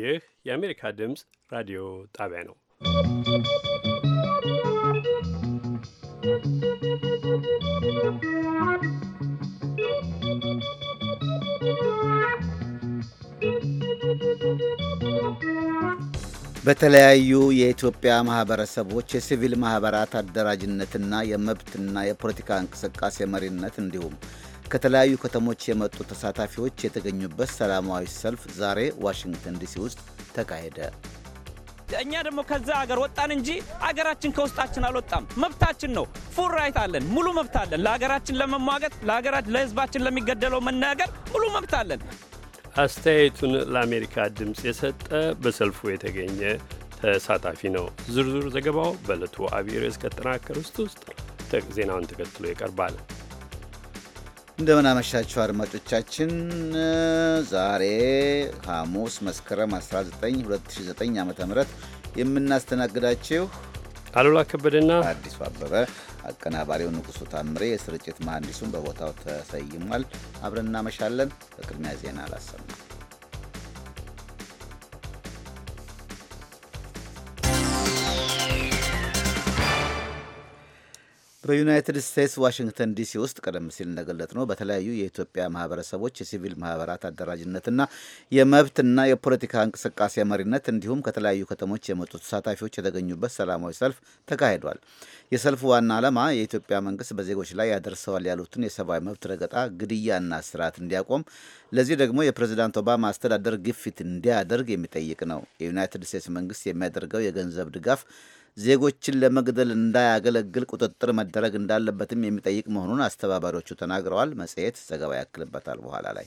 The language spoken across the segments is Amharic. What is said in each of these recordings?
ይህ የአሜሪካ ድምፅ ራዲዮ ጣቢያ ነው። በተለያዩ የኢትዮጵያ ማህበረሰቦች የሲቪል ማህበራት አደራጅነትና የመብትና የፖለቲካ እንቅስቃሴ መሪነት እንዲሁም ከተለያዩ ከተሞች የመጡ ተሳታፊዎች የተገኙበት ሰላማዊ ሰልፍ ዛሬ ዋሽንግተን ዲሲ ውስጥ ተካሄደ። እኛ ደግሞ ከዛ አገር ወጣን እንጂ አገራችን ከውስጣችን አልወጣም። መብታችን ነው። ፉል ራይት አለን። ሙሉ መብት አለን። ለሀገራችን ለመሟገት፣ ለህዝባችን ለሚገደለው መናገር ሙሉ መብት አለን። አስተያየቱን ለአሜሪካ ድምፅ የሰጠ በሰልፉ የተገኘ ተሳታፊ ነው። ዝርዝር ዘገባው በዕለቱ አብይ ርዕስ ውስጥ ውስጥ ዜናውን ተከትሎ ይቀርባል። እንደምናመሻችሁ አድማጮቻችን። ዛሬ ሐሙስ መስከረም 19 2009 ዓ ም የምናስተናግዳችሁ አሉላ ከበደና አዲሱ አበበ፣ አቀናባሪው ንጉሱ ታምሬ፣ የስርጭት መሐንዲሱን በቦታው ተሰይሟል። አብረን እናመሻለን። በቅድሚያ ዜና አላሰማም በዩናይትድ ስቴትስ ዋሽንግተን ዲሲ ውስጥ ቀደም ሲል ነው በተለያዩ የኢትዮጵያ ማህበረሰቦች የሲቪል ማህበራት አደራጅነትና የመብትና የፖለቲካ እንቅስቃሴ መሪነት እንዲሁም ከተለያዩ ከተሞች የመጡ ተሳታፊዎች የተገኙበት ሰላማዊ ሰልፍ ተካሂዷል። የሰልፉ ዋና ዓላማ የኢትዮጵያ መንግስት በዜጎች ላይ ያደርሰዋል ያሉትን የሰብአዊ መብት ረገጣ፣ ግድያና ስርዓት እንዲያቆም ለዚህ ደግሞ የፕሬዚዳንት ኦባማ አስተዳደር ግፊት እንዲያደርግ የሚጠይቅ ነው። የዩናይትድ ስቴትስ መንግስት የሚያደርገው የገንዘብ ድጋፍ ዜጎችን ለመግደል እንዳያገለግል ቁጥጥር መደረግ እንዳለበትም የሚጠይቅ መሆኑን አስተባባሪዎቹ ተናግረዋል። መጽሔት ዘገባ ያክልበታል በኋላ ላይ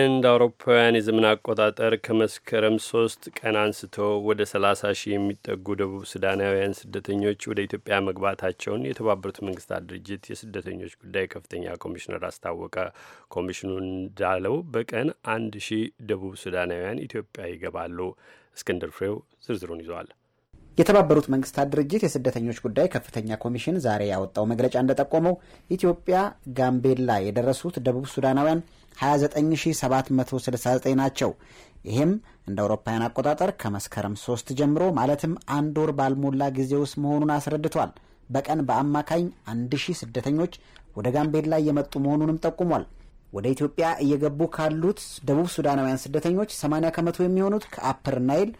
እንደ አውሮፓውያን የዘመን አቆጣጠር ከመስከረም ሶስት ቀን አንስቶ ወደ ሰላሳ ሺህ የሚጠጉ ደቡብ ሱዳናውያን ስደተኞች ወደ ኢትዮጵያ መግባታቸውን የተባበሩት መንግስታት ድርጅት የስደተኞች ጉዳይ ከፍተኛ ኮሚሽነር አስታወቀ። ኮሚሽኑ እንዳለው በቀን አንድ ሺህ ደቡብ ሱዳናውያን ኢትዮጵያ ይገባሉ። እስክንድር ፍሬው ዝርዝሩን ይዘዋል። የተባበሩት መንግስታት ድርጅት የስደተኞች ጉዳይ ከፍተኛ ኮሚሽን ዛሬ ያወጣው መግለጫ እንደጠቆመው ኢትዮጵያ ጋምቤላ የደረሱት ደቡብ ሱዳናውያን 29769 ናቸው። ይህም እንደ አውሮፓውያን አቆጣጠር ከመስከረም ሶስት ጀምሮ ማለትም አንድ ወር ባልሞላ ጊዜ ውስጥ መሆኑን አስረድቷል። በቀን በአማካኝ አንድ ሺህ ስደተኞች ወደ ጋምቤላ እየመጡ መሆኑንም ጠቁሟል። ወደ ኢትዮጵያ እየገቡ ካሉት ደቡብ ሱዳናውያን ስደተኞች 80 ከመቶ የሚሆኑት ከአፕር ናይል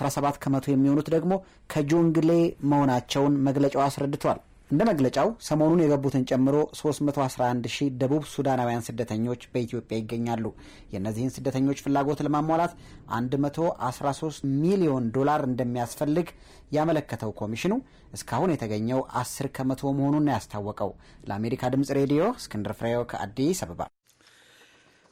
17 ከመቶ የሚሆኑት ደግሞ ከጆንግሌ መሆናቸውን መግለጫው አስረድቷል። እንደ መግለጫው ሰሞኑን የገቡትን ጨምሮ 311 ሺህ ደቡብ ሱዳናውያን ስደተኞች በኢትዮጵያ ይገኛሉ። የእነዚህን ስደተኞች ፍላጎት ለማሟላት 113 ሚሊዮን ዶላር እንደሚያስፈልግ ያመለከተው ኮሚሽኑ እስካሁን የተገኘው 10 ከመቶ መሆኑን ያስታወቀው። ለአሜሪካ ድምፅ ሬዲዮ እስክንድር ፍሬው ከአዲስ አበባ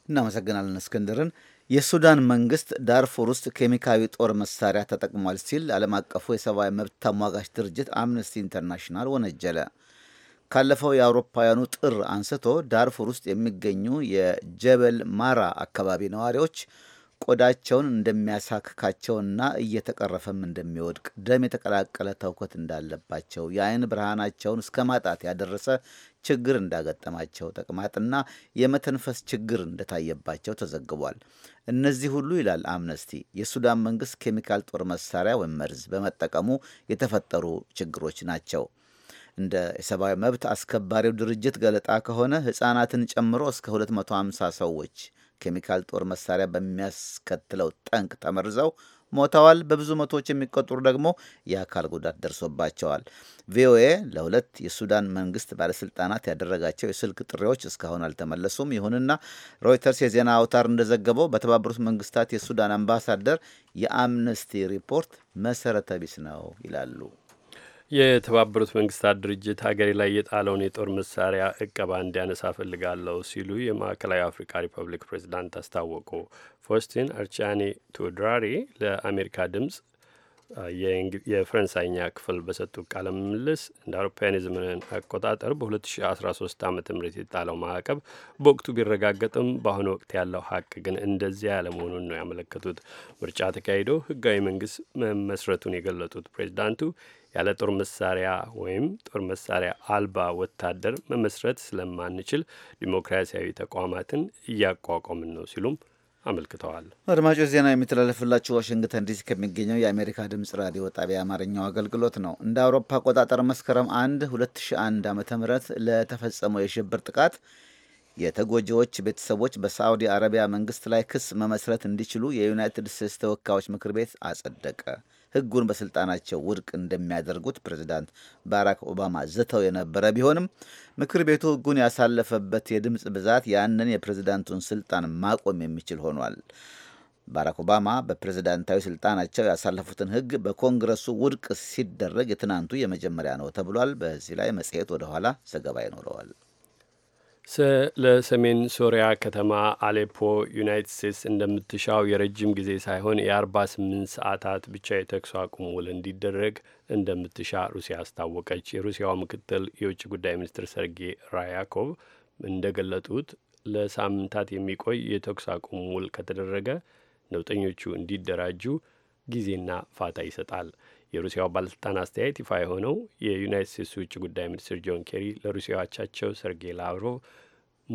እናመሰግናለን እስክንድርን። የሱዳን መንግስት ዳርፉር ውስጥ ኬሚካዊ ጦር መሳሪያ ተጠቅሟል ሲል ዓለም አቀፉ የሰብአዊ መብት ተሟጋች ድርጅት አምነስቲ ኢንተርናሽናል ወነጀለ። ካለፈው የአውሮፓውያኑ ጥር አንስቶ ዳርፉር ውስጥ የሚገኙ የጀበል ማራ አካባቢ ነዋሪዎች ቆዳቸውን እንደሚያሳክካቸውና እየተቀረፈም እንደሚወድቅ ደም የተቀላቀለ ተውከት እንዳለባቸው የአይን ብርሃናቸውን እስከ ማጣት ያደረሰ ችግር እንዳገጠማቸው ተቅማጥና የመተንፈስ ችግር እንደታየባቸው ተዘግቧል። እነዚህ ሁሉ ይላል አምነስቲ፣ የሱዳን መንግስት ኬሚካል ጦር መሳሪያ ወይም መርዝ በመጠቀሙ የተፈጠሩ ችግሮች ናቸው። እንደ የሰብአዊ መብት አስከባሪው ድርጅት ገለጣ ከሆነ ሕፃናትን ጨምሮ እስከ 250 ሰዎች ኬሚካል ጦር መሳሪያ በሚያስከትለው ጠንቅ ተመርዘው ሞተዋል። በብዙ መቶዎች የሚቆጠሩ ደግሞ የአካል ጉዳት ደርሶባቸዋል። ቪኦኤ ለሁለት የሱዳን መንግስት ባለስልጣናት ያደረጋቸው የስልክ ጥሪዎች እስካሁን አልተመለሱም። ይሁንና ሮይተርስ የዜና አውታር እንደዘገበው በተባበሩት መንግስታት የሱዳን አምባሳደር የአምነስቲ ሪፖርት መሰረተ ቢስ ነው ይላሉ። የተባበሩት መንግስታት ድርጅት ሀገሬ ላይ የጣለውን የጦር መሳሪያ እቀባ እንዲያነሳ ፈልጋለሁ ሲሉ የማዕከላዊ አፍሪካ ሪፐብሊክ ፕሬዚዳንት አስታወቁ። ፎስቲን አርቻኔ ቱድራሪ ለአሜሪካ ድምጽ የፈረንሳይኛ ክፍል በሰጡት ቃለ ምልልስ እንደ አውሮፓውያን አቆጣጠር በ2013 ዓ ም የጣለው ማዕቀብ በወቅቱ ቢረጋገጥም በአሁኑ ወቅት ያለው ሀቅ ግን እንደዚያ ያለመሆኑን ነው ያመለከቱት። ምርጫ ተካሂዶ ህጋዊ መንግስት መመስረቱን የገለጡት ፕሬዚዳንቱ ያለ ጦር መሳሪያ ወይም ጦር መሳሪያ አልባ ወታደር መመስረት ስለማንችል ዲሞክራሲያዊ ተቋማትን እያቋቋምን ነው ሲሉም አመልክተዋል። አድማጮች ዜና የሚተላለፍላችሁ ዋሽንግተን ዲሲ ከሚገኘው የአሜሪካ ድምፅ ራዲዮ ጣቢያ አማርኛው አገልግሎት ነው። እንደ አውሮፓ አቆጣጠር መስከረም 1 2001 ዓ ም ለተፈጸመው የሽብር ጥቃት የተጎጂዎች ቤተሰቦች በሳዑዲ አረቢያ መንግስት ላይ ክስ መመስረት እንዲችሉ የዩናይትድ ስቴትስ ተወካዮች ምክር ቤት አጸደቀ። ህጉን በስልጣናቸው ውድቅ እንደሚያደርጉት ፕሬዚዳንት ባራክ ኦባማ ዝተው የነበረ ቢሆንም ምክር ቤቱ ህጉን ያሳለፈበት የድምፅ ብዛት ያንን የፕሬዚዳንቱን ስልጣን ማቆም የሚችል ሆኗል። ባራክ ኦባማ በፕሬዝዳንታዊ ስልጣናቸው ያሳለፉትን ህግ በኮንግረሱ ውድቅ ሲደረግ የትናንቱ የመጀመሪያ ነው ተብሏል። በዚህ ላይ መጽሔት ወደኋላ ዘገባ ይኖረዋል። ለሰሜን ሶሪያ ከተማ አሌፖ ዩናይትድ ስቴትስ እንደምትሻው የረጅም ጊዜ ሳይሆን የ48 ሰዓታት ብቻ የተኩስ አቁም ውል እንዲደረግ እንደምትሻ ሩሲያ አስታወቀች። የሩሲያው ምክትል የውጭ ጉዳይ ሚኒስትር ሰርጌይ ራያኮቭ እንደገለጡት ለሳምንታት የሚቆይ የተኩስ አቁም ውል ከተደረገ ነውጠኞቹ እንዲደራጁ ጊዜና ፋታ ይሰጣል። የሩሲያው ባለስልጣን አስተያየት ይፋ የሆነው የዩናይት ስቴትስ ውጭ ጉዳይ ሚኒስትር ጆን ኬሪ ለሩሲያው አቻቸው ሰርጌይ ላቭሮቭ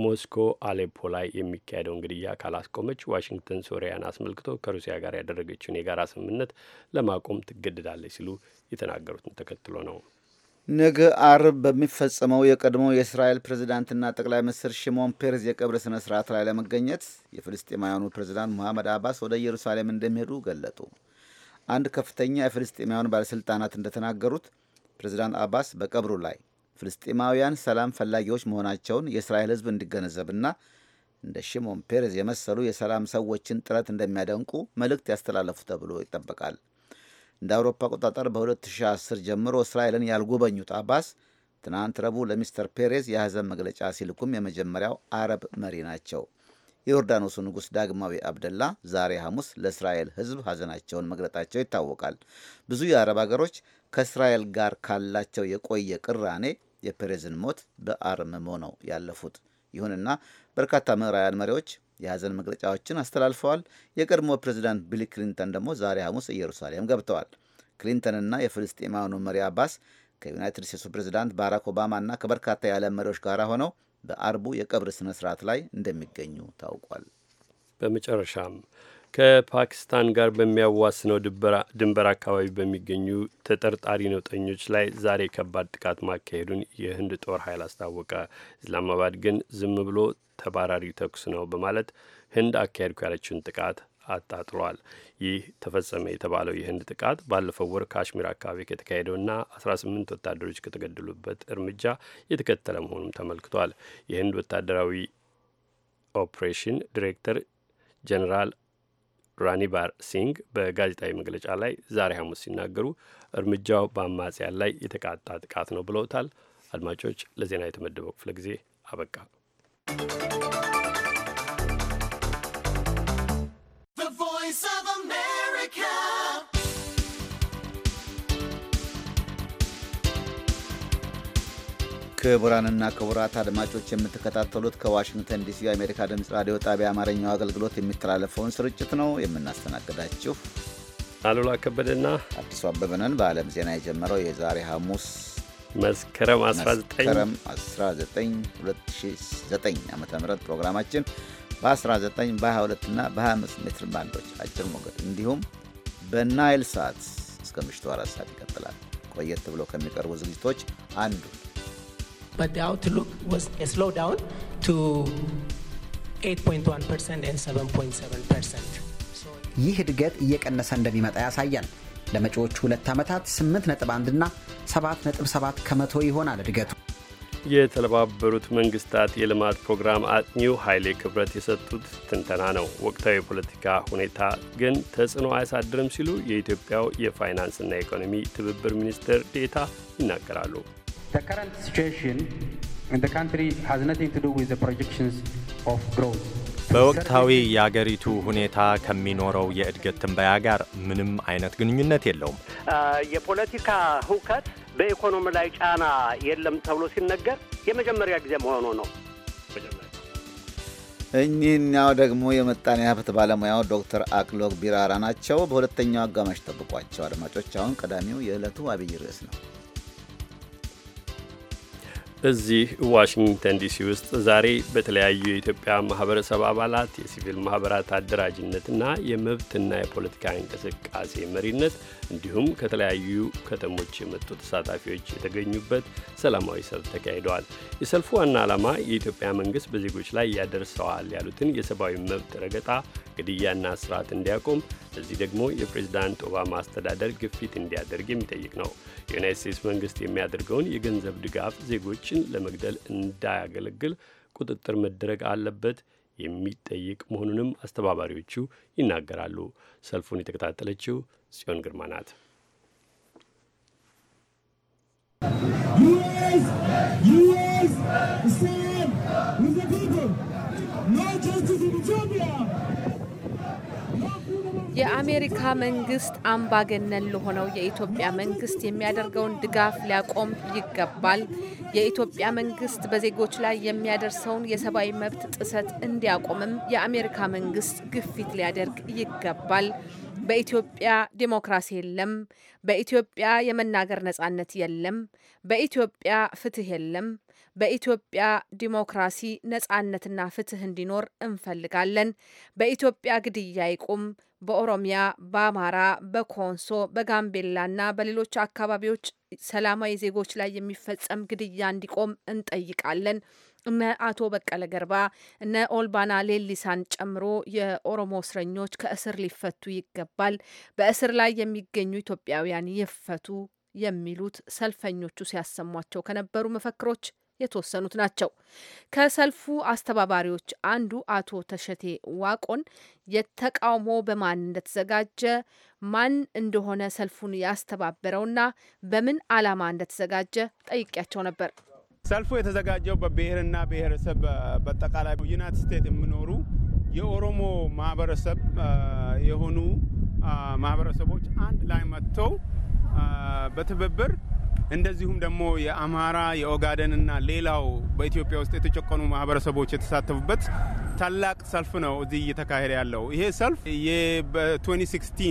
ሞስኮ አሌፖ ላይ የሚካሄደውን ግድያ ካላስቆመች ዋሽንግተን ሶሪያን አስመልክቶ ከሩሲያ ጋር ያደረገችውን የጋራ ስምምነት ለማቆም ትገድዳለች ሲሉ የተናገሩትን ተከትሎ ነው። ነገ አርብ በሚፈጸመው የቀድሞ የእስራኤል ፕሬዚዳንትና ጠቅላይ ሚኒስትር ሽሞን ፔርዝ የቀብር ስነ ስርዓት ላይ ለመገኘት የፍልስጤማውያኑ ፕሬዚዳንት ሙሐመድ አባስ ወደ ኢየሩሳሌም እንደሚሄዱ ገለጡ። አንድ ከፍተኛ የፍልስጤማውያን ባለሥልጣናት እንደተናገሩት ፕሬዚዳንት አባስ በቀብሩ ላይ ፍልስጤማውያን ሰላም ፈላጊዎች መሆናቸውን የእስራኤል ሕዝብ እንዲገነዘብና እንደ ሽሞን ፔሬዝ የመሰሉ የሰላም ሰዎችን ጥረት እንደሚያደንቁ መልእክት ያስተላለፉ ተብሎ ይጠበቃል። እንደ አውሮፓ አቆጣጠር በ2010 ጀምሮ እስራኤልን ያልጎበኙት አባስ ትናንት ረቡዕ ለሚስተር ፔሬዝ የሐዘን መግለጫ ሲልኩም የመጀመሪያው አረብ መሪ ናቸው። የዮርዳኖሱ ንጉሥ ዳግማዊ አብደላ ዛሬ ሐሙስ ለእስራኤል ሕዝብ ሐዘናቸውን መግለጣቸው ይታወቃል። ብዙ የአረብ አገሮች ከእስራኤል ጋር ካላቸው የቆየ ቅራኔ የፔሬዝን ሞት በአርምሞ ነው ያለፉት። ይሁንና በርካታ ምዕራውያን መሪዎች የሐዘን መግለጫዎችን አስተላልፈዋል። የቀድሞ ፕሬዚዳንት ቢል ክሊንተን ደግሞ ዛሬ ሐሙስ ኢየሩሳሌም ገብተዋል። ክሊንተንና የፍልስጤማውያኑ መሪ አባስ ከዩናይትድ ስቴትሱ ፕሬዚዳንት ባራክ ኦባማና ከበርካታ የዓለም መሪዎች ጋር ሆነው በአርቡ የቀብር ስነ ስርዓት ላይ እንደሚገኙ ታውቋል። በመጨረሻም ከፓኪስታን ጋር በሚያዋስነው ድንበር አካባቢ በሚገኙ ተጠርጣሪ ነውጠኞች ላይ ዛሬ ከባድ ጥቃት ማካሄዱን የህንድ ጦር ኃይል አስታወቀ። ኢስላማባድ ግን ዝም ብሎ ተባራሪ ተኩስ ነው በማለት ህንድ አካሄድኩ ያለችውን ጥቃት አጣጥሏል። ይህ ተፈጸመ የተባለው የህንድ ጥቃት ባለፈው ወር ካሽሚር አካባቢ ከተካሄደውና 18 ወታደሮች ከተገደሉበት እርምጃ የተከተለ መሆኑም ተመልክቷል። የህንድ ወታደራዊ ኦፕሬሽን ዲሬክተር ጀኔራል ራኒባር ሲንግ በጋዜጣዊ መግለጫ ላይ ዛሬ ሐሙስ ሲናገሩ እርምጃው በአማጽያን ላይ የተቃጣ ጥቃት ነው ብለውታል። አድማጮች፣ ለዜና የተመደበው ክፍለ ጊዜ አበቃ። ክቡራንና ክቡራት አድማጮች የምትከታተሉት ከዋሽንግተን ዲሲ የአሜሪካ ድምፅ ራዲዮ ጣቢያ አማርኛው አገልግሎት የሚተላለፈውን ስርጭት ነው። የምናስተናግዳችሁ አሉላ ከበደና አዲሱ አበበነን። በዓለም ዜና የጀመረው የዛሬ ሐሙስ መስከረም 19 2009 ዓ ም ፕሮግራማችን በ19 በ22 እና በ25 ሜትር ባንዶች አጭር ሞገድ እንዲሁም በናይል ሰዓት እስከ ምሽቱ አራት ሰዓት ይቀጥላል። ቆየት ብሎ ከሚቀርቡ ዝግጅቶች አንዱ but the outlook was a slowdown to 8.1% and 7.7%። ይህ እድገት እየቀነሰ እንደሚመጣ ያሳያል። ለመጪዎቹ ሁለት ዓመታት 8 1 እና ሰ7 ነጥብ 7 ከመቶ ይሆናል እድገቱ። የተባበሩት መንግስታት የልማት ፕሮግራም አጥኚው ኃይሌ ክብረት የሰጡት ትንተና ነው። ወቅታዊ የፖለቲካ ሁኔታ ግን ተጽዕኖ አያሳድርም ሲሉ የኢትዮጵያው የፋይናንስና የኢኮኖሚ ትብብር ሚኒስትር ዴታ ይናገራሉ። The current situation in the country has nothing to do with the projections of growth. በወቅታዊ የአገሪቱ ሁኔታ ከሚኖረው የእድገት ትንበያ ጋር ምንም አይነት ግንኙነት የለውም። የፖለቲካ ህውከት በኢኮኖሚ ላይ ጫና የለም ተብሎ ሲነገር የመጀመሪያ ጊዜ መሆኑ ነው። እኚህኛው ደግሞ የምጣኔ ሀብት ባለሙያው ዶክተር አክሎግ ቢራራ ናቸው። በሁለተኛው አጋማሽ ጠብቋቸው አድማጮች። አሁን ቀዳሚው የዕለቱ አብይ ርዕስ ነው። እዚህ ዋሽንግተን ዲሲ ውስጥ ዛሬ በተለያዩ የኢትዮጵያ ማህበረሰብ አባላት የሲቪል ማህበራት አደራጅነትና የመብትና የፖለቲካ እንቅስቃሴ መሪነት እንዲሁም ከተለያዩ ከተሞች የመጡ ተሳታፊዎች የተገኙበት ሰላማዊ ሰልፍ ተካሂደዋል። የሰልፉ ዋና ዓላማ የኢትዮጵያ መንግስት በዜጎች ላይ ያደርሰዋል ያሉትን የሰብአዊ መብት ረገጣ፣ ግድያና ስርዓት እንዲያቆም እዚህ ደግሞ የፕሬዚዳንት ኦባማ አስተዳደር ግፊት እንዲያደርግ የሚጠይቅ ነው። የዩናይት ስቴትስ መንግስት የሚያደርገውን የገንዘብ ድጋፍ ዜጎችን ለመግደል እንዳያገለግል ቁጥጥር መደረግ አለበት የሚጠይቅ መሆኑንም አስተባባሪዎቹ ይናገራሉ። ሰልፉን የተከታተለችው ጽዮን ግርማ ናት። የአሜሪካ መንግስት አምባገነን ለሆነው የኢትዮጵያ መንግስት የሚያደርገውን ድጋፍ ሊያቆም ይገባል። የኢትዮጵያ መንግስት በዜጎች ላይ የሚያደርሰውን የሰብአዊ መብት ጥሰት እንዲያቆምም የአሜሪካ መንግስት ግፊት ሊያደርግ ይገባል። በኢትዮጵያ ዲሞክራሲ የለም፣ በኢትዮጵያ የመናገር ነጻነት የለም፣ በኢትዮጵያ ፍትህ የለም፣ በኢትዮጵያ ዲሞክራሲ ነጻነትና ፍትህ እንዲኖር እንፈልጋለን፣ በኢትዮጵያ ግድያ ይቁም፣ በኦሮሚያ፣ በአማራ፣ በኮንሶ፣ በጋምቤላና በሌሎች አካባቢዎች ሰላማዊ ዜጎች ላይ የሚፈጸም ግድያ እንዲቆም እንጠይቃለን እነ አቶ በቀለ ገርባ እነ ኦልባና ሌሊሳን ጨምሮ የኦሮሞ እስረኞች ከእስር ሊፈቱ ይገባል፣ በእስር ላይ የሚገኙ ኢትዮጵያውያን ይፈቱ የሚሉት ሰልፈኞቹ ሲያሰሟቸው ከነበሩ መፈክሮች የተወሰኑት ናቸው። ከሰልፉ አስተባባሪዎች አንዱ አቶ ተሸቴ ዋቆን የተቃውሞ በማን እንደተዘጋጀ ማን እንደሆነ ሰልፉን ያስተባበረውና በምን ዓላማ እንደተዘጋጀ ጠይቄያቸው ነበር። ሰልፉ የተዘጋጀው በብሔርና ብሔረሰብ በጠቃላይ ዩናይትድ ስቴትስ የሚኖሩ የኦሮሞ ማህበረሰብ የሆኑ ማህበረሰቦች አንድ ላይ መጥተው በትብብር እንደዚሁም ደግሞ የአማራ የኦጋደን እና ሌላው በኢትዮጵያ ውስጥ የተጨቆኑ ማህበረሰቦች የተሳተፉበት ታላቅ ሰልፍ ነው እዚህ እየተካሄደ ያለው። ይሄ ሰልፍ በ2016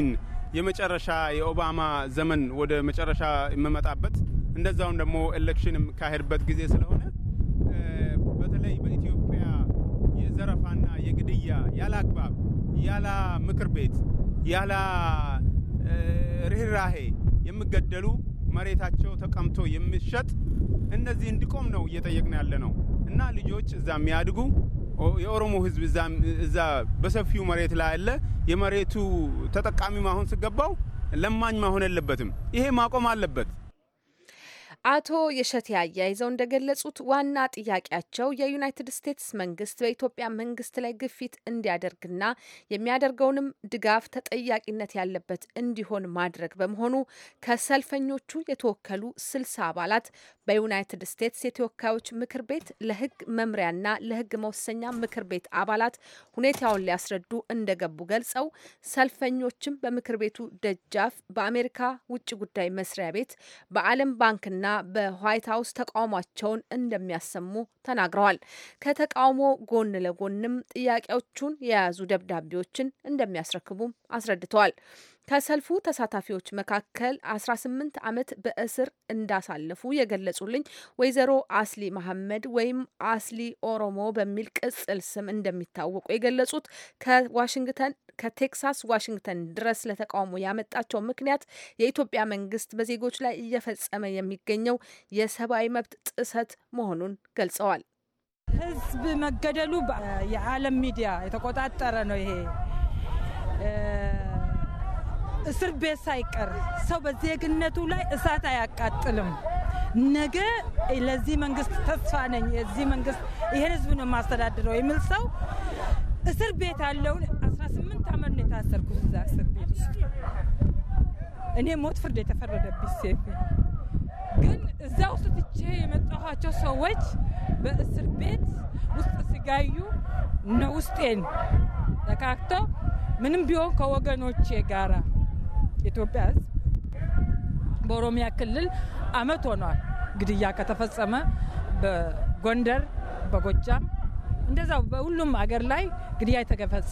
የመጨረሻ የኦባማ ዘመን ወደ መጨረሻ የምመጣበት እንደዛውም ደግሞ ኤሌክሽን የሚካሄድበት ጊዜ ስለሆነ በተለይ በኢትዮጵያ የዘረፋና የግድያ ያለ አግባብ ያለ ምክር ቤት ያለ ርኅራሄ የሚገደሉ መሬታቸው ተቀምቶ የሚሸጥ እነዚህ እንዲቆም ነው እየጠየቅነው ያለ ነው እና ልጆች እዛ የሚያድጉ የኦሮሞ ህዝብ እዛ በሰፊው መሬት ላይ ያለ የመሬቱ ተጠቃሚ ማሆን ስገባው ለማኝ ማሆን የለበትም። ይሄ ማቆም አለበት። አቶ የሸቴ አያይዘው እንደገለጹት ዋና ጥያቄያቸው የዩናይትድ ስቴትስ መንግስት በኢትዮጵያ መንግስት ላይ ግፊት እንዲያደርግና የሚያደርገውንም ድጋፍ ተጠያቂነት ያለበት እንዲሆን ማድረግ በመሆኑ ከሰልፈኞቹ የተወከሉ ስልሳ አባላት በዩናይትድ ስቴትስ የተወካዮች ምክር ቤት ለህግ መምሪያና ለህግ መወሰኛ ምክር ቤት አባላት ሁኔታውን ሊያስረዱ እንደገቡ ገልጸው ሰልፈኞችም በምክር ቤቱ ደጃፍ በአሜሪካ ውጭ ጉዳይ መስሪያ ቤት በዓለም ባንክና በዋይት ሀውስ ተቃውሟቸውን እንደሚያሰሙ ተናግረዋል። ከተቃውሞ ጎን ለጎንም ጥያቄዎቹን የያዙ ደብዳቤዎችን እንደሚያስረክቡም አስረድተዋል። ከሰልፉ ተሳታፊዎች መካከል 18 ዓመት በእስር እንዳሳለፉ የገለጹልኝ ወይዘሮ አስሊ መሐመድ ወይም አስሊ ኦሮሞ በሚል ቅጽል ስም እንደሚታወቁ የገለጹት ከዋሽንግተን ከቴክሳስ ዋሽንግተን ድረስ ለተቃውሞ ያመጣቸው ምክንያት የኢትዮጵያ መንግስት በዜጎች ላይ እየፈጸመ የሚገኘው የሰብአዊ መብት ጥሰት መሆኑን ገልጸዋል። ህዝብ መገደሉ የዓለም ሚዲያ የተቆጣጠረ ነው። ይሄ እስር ቤት ሳይቀር ሰው በዜግነቱ ላይ እሳት አያቃጥልም። ነገ ለዚህ መንግስት ተስፋ ነኝ፣ የዚህ መንግስት ይህን ህዝብ ነው የማስተዳድረው የሚል ሰው እስር ቤት ያለውን 18 ዓመት ነው የታሰርኩት እዛ እስር ቤት ውስጥ እኔ ሞት ፍርድ የተፈረደብኝ ሴት ግን እዛ ውስጥ ትቼ የመጣኋቸው ሰዎች በእስር ቤት ውስጥ ሲጋዩ ነው ውስጤን ተካክተው ምንም ቢሆን ከወገኖቼ ጋራ የኢትዮጵያ ህዝብ በኦሮሚያ ክልል አመት ሆኗል ግድያ ከተፈጸመ በጎንደር በጎጃም እንደዛው በሁሉም አገር ላይ ግድያ የተገፈጸ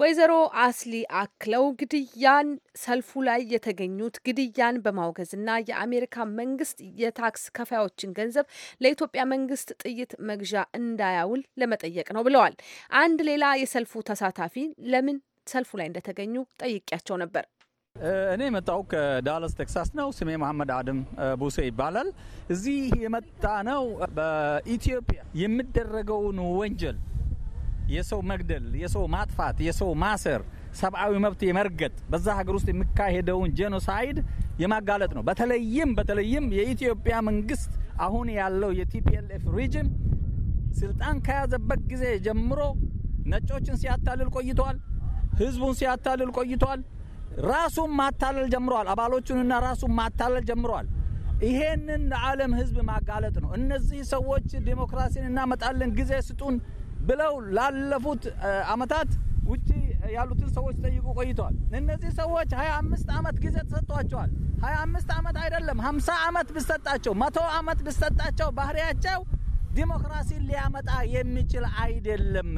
ወይዘሮ አስሊ አክለው ግድያን ሰልፉ ላይ የተገኙት ግድያን በማውገዝና የአሜሪካ መንግስት የታክስ ከፋዮችን ገንዘብ ለኢትዮጵያ መንግስት ጥይት መግዣ እንዳያውል ለመጠየቅ ነው ብለዋል። አንድ ሌላ የሰልፉ ተሳታፊ ለምን ሰልፉ ላይ እንደተገኙ ጠይቄያቸው ነበር። እኔ የመጣው ከዳለስ ቴክሳስ ነው። ስሜ መሐመድ አድም ቡሴ ይባላል። እዚህ የመጣ ነው በኢትዮጵያ የሚደረገውን ወንጀል የሰው መግደል፣ የሰው ማጥፋት፣ የሰው ማሰር፣ ሰብአዊ መብት የመርገጥ በዛ ሀገር ውስጥ የሚካሄደውን ጄኖሳይድ የማጋለጥ ነው። በተለይም በተለይም የኢትዮጵያ መንግስት አሁን ያለው የቲፒኤልኤፍ ሪጅም ስልጣን ከያዘበት ጊዜ ጀምሮ ነጮችን ሲያታልል ቆይተዋል። ህዝቡን ሲያታልል ቆይቷል። ራሱን ማታለል ጀምረዋል። አባሎቹንና ራሱን ማታለል ጀምረዋል። ይሄንን ለዓለም ህዝብ ማጋለጥ ነው። እነዚህ ሰዎች ዴሞክራሲን እናመጣለን ጊዜ ስጡን ብለው ላለፉት አመታት ውጭ ያሉትን ሰዎች ጠይቁ ቆይተዋል። እነዚህ ሰዎች 25 ዓመት ጊዜ ተሰጥቷቸዋል። 25 ዓመት አይደለም 50 ዓመት ብሰጣቸው፣ መቶ ዓመት ብሰጣቸው ባህሪያቸው ዲሞክራሲን ሊያመጣ የሚችል አይደለም።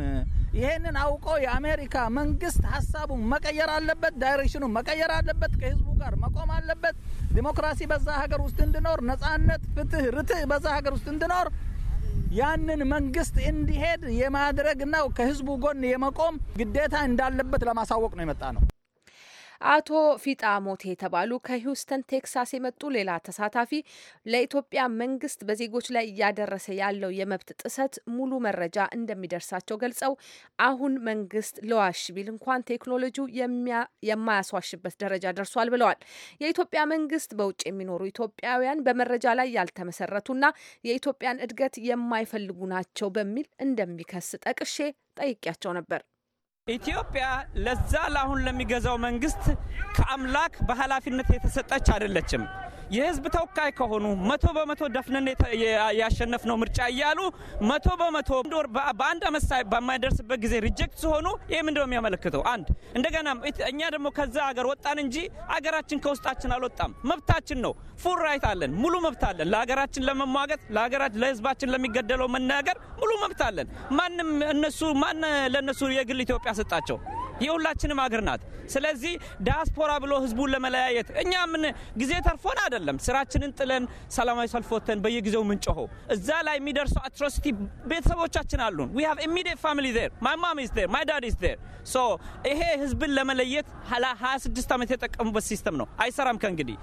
ይሄንን አውቆ የአሜሪካ መንግስት ሀሳቡን መቀየር አለበት፣ ዳይሬክሽኑ መቀየር አለበት፣ ከህዝቡ ጋር መቆም አለበት። ዲሞክራሲ በዛ ሀገር ውስጥ እንዲኖር፣ ነጻነት፣ ፍትህ፣ ርትህ በዛ ሀገር ውስጥ እንዲኖር ያንን መንግስት እንዲሄድ የማድረግና ከህዝቡ ጎን የመቆም ግዴታ እንዳለበት ለማሳወቅ ነው የመጣ ነው። አቶ ፊጣ ሞቴ የተባሉ ከሂውስተን ቴክሳስ የመጡ ሌላ ተሳታፊ ለኢትዮጵያ መንግስት በዜጎች ላይ እያደረሰ ያለው የመብት ጥሰት ሙሉ መረጃ እንደሚደርሳቸው ገልጸው አሁን መንግስት ለዋሽ ቢል እንኳን ቴክኖሎጂው የማያስዋሽበት ደረጃ ደርሷል ብለዋል። የኢትዮጵያ መንግስት በውጭ የሚኖሩ ኢትዮጵያውያን በመረጃ ላይ ያልተመሰረቱና የኢትዮጵያን እድገት የማይፈልጉ ናቸው በሚል እንደሚከስ ጠቅሼ ጠይቄያቸው ነበር። ኢትዮጵያ ለዛ ለአሁን ለሚገዛው መንግስት ከአምላክ በኃላፊነት የተሰጠች አይደለችም። የህዝብ ተወካይ ከሆኑ መቶ በመቶ ደፍነን ነው ምርጫ እያሉ መቶ በመቶ በአንድ አመት በማይደርስበት ጊዜ ሪጀክት ሲሆኑ ይህ ምንድን ነው የሚያመለክተው? አንድ እንደገና እኛ ደግሞ ከዛ ሀገር ወጣን እንጂ አገራችን ከውስጣችን አልወጣም። መብታችን ነው። ፉል ራይት አለን፣ ሙሉ መብት አለን። ለሀገራችን ለመሟገት ለሀገራችን ለህዝባችን ለሚገደለው መናገር ሙሉ መብት አለን። ማንም እነሱ ማን ለእነሱ የግል ኢትዮጵያ ሰጣቸው? የሁላችንም አገር ናት። ስለዚህ ዲያስፖራ ብሎ ህዝቡን ለመለያየት እኛ ምን ጊዜ ተርፎን አይደለም ስራችንን ጥለን ሰላማዊ ሰልፎተን በየጊዜው ምንጮሆ እዛ ላይ የሚደርሱ አትሮሲቲ ቤተሰቦቻችን አሉን። ዊ ሃቭ ኢሚዲየት ፋሚሊ ዜር ማይ ማም ኢዝ ዜር ማይ ዳድ ኢዝ ዜር። ሶ ይሄ ህዝብን ለመለየት 26 ዓመት የጠቀሙበት ሲስተም ነው፣ አይሰራም ከእንግዲህ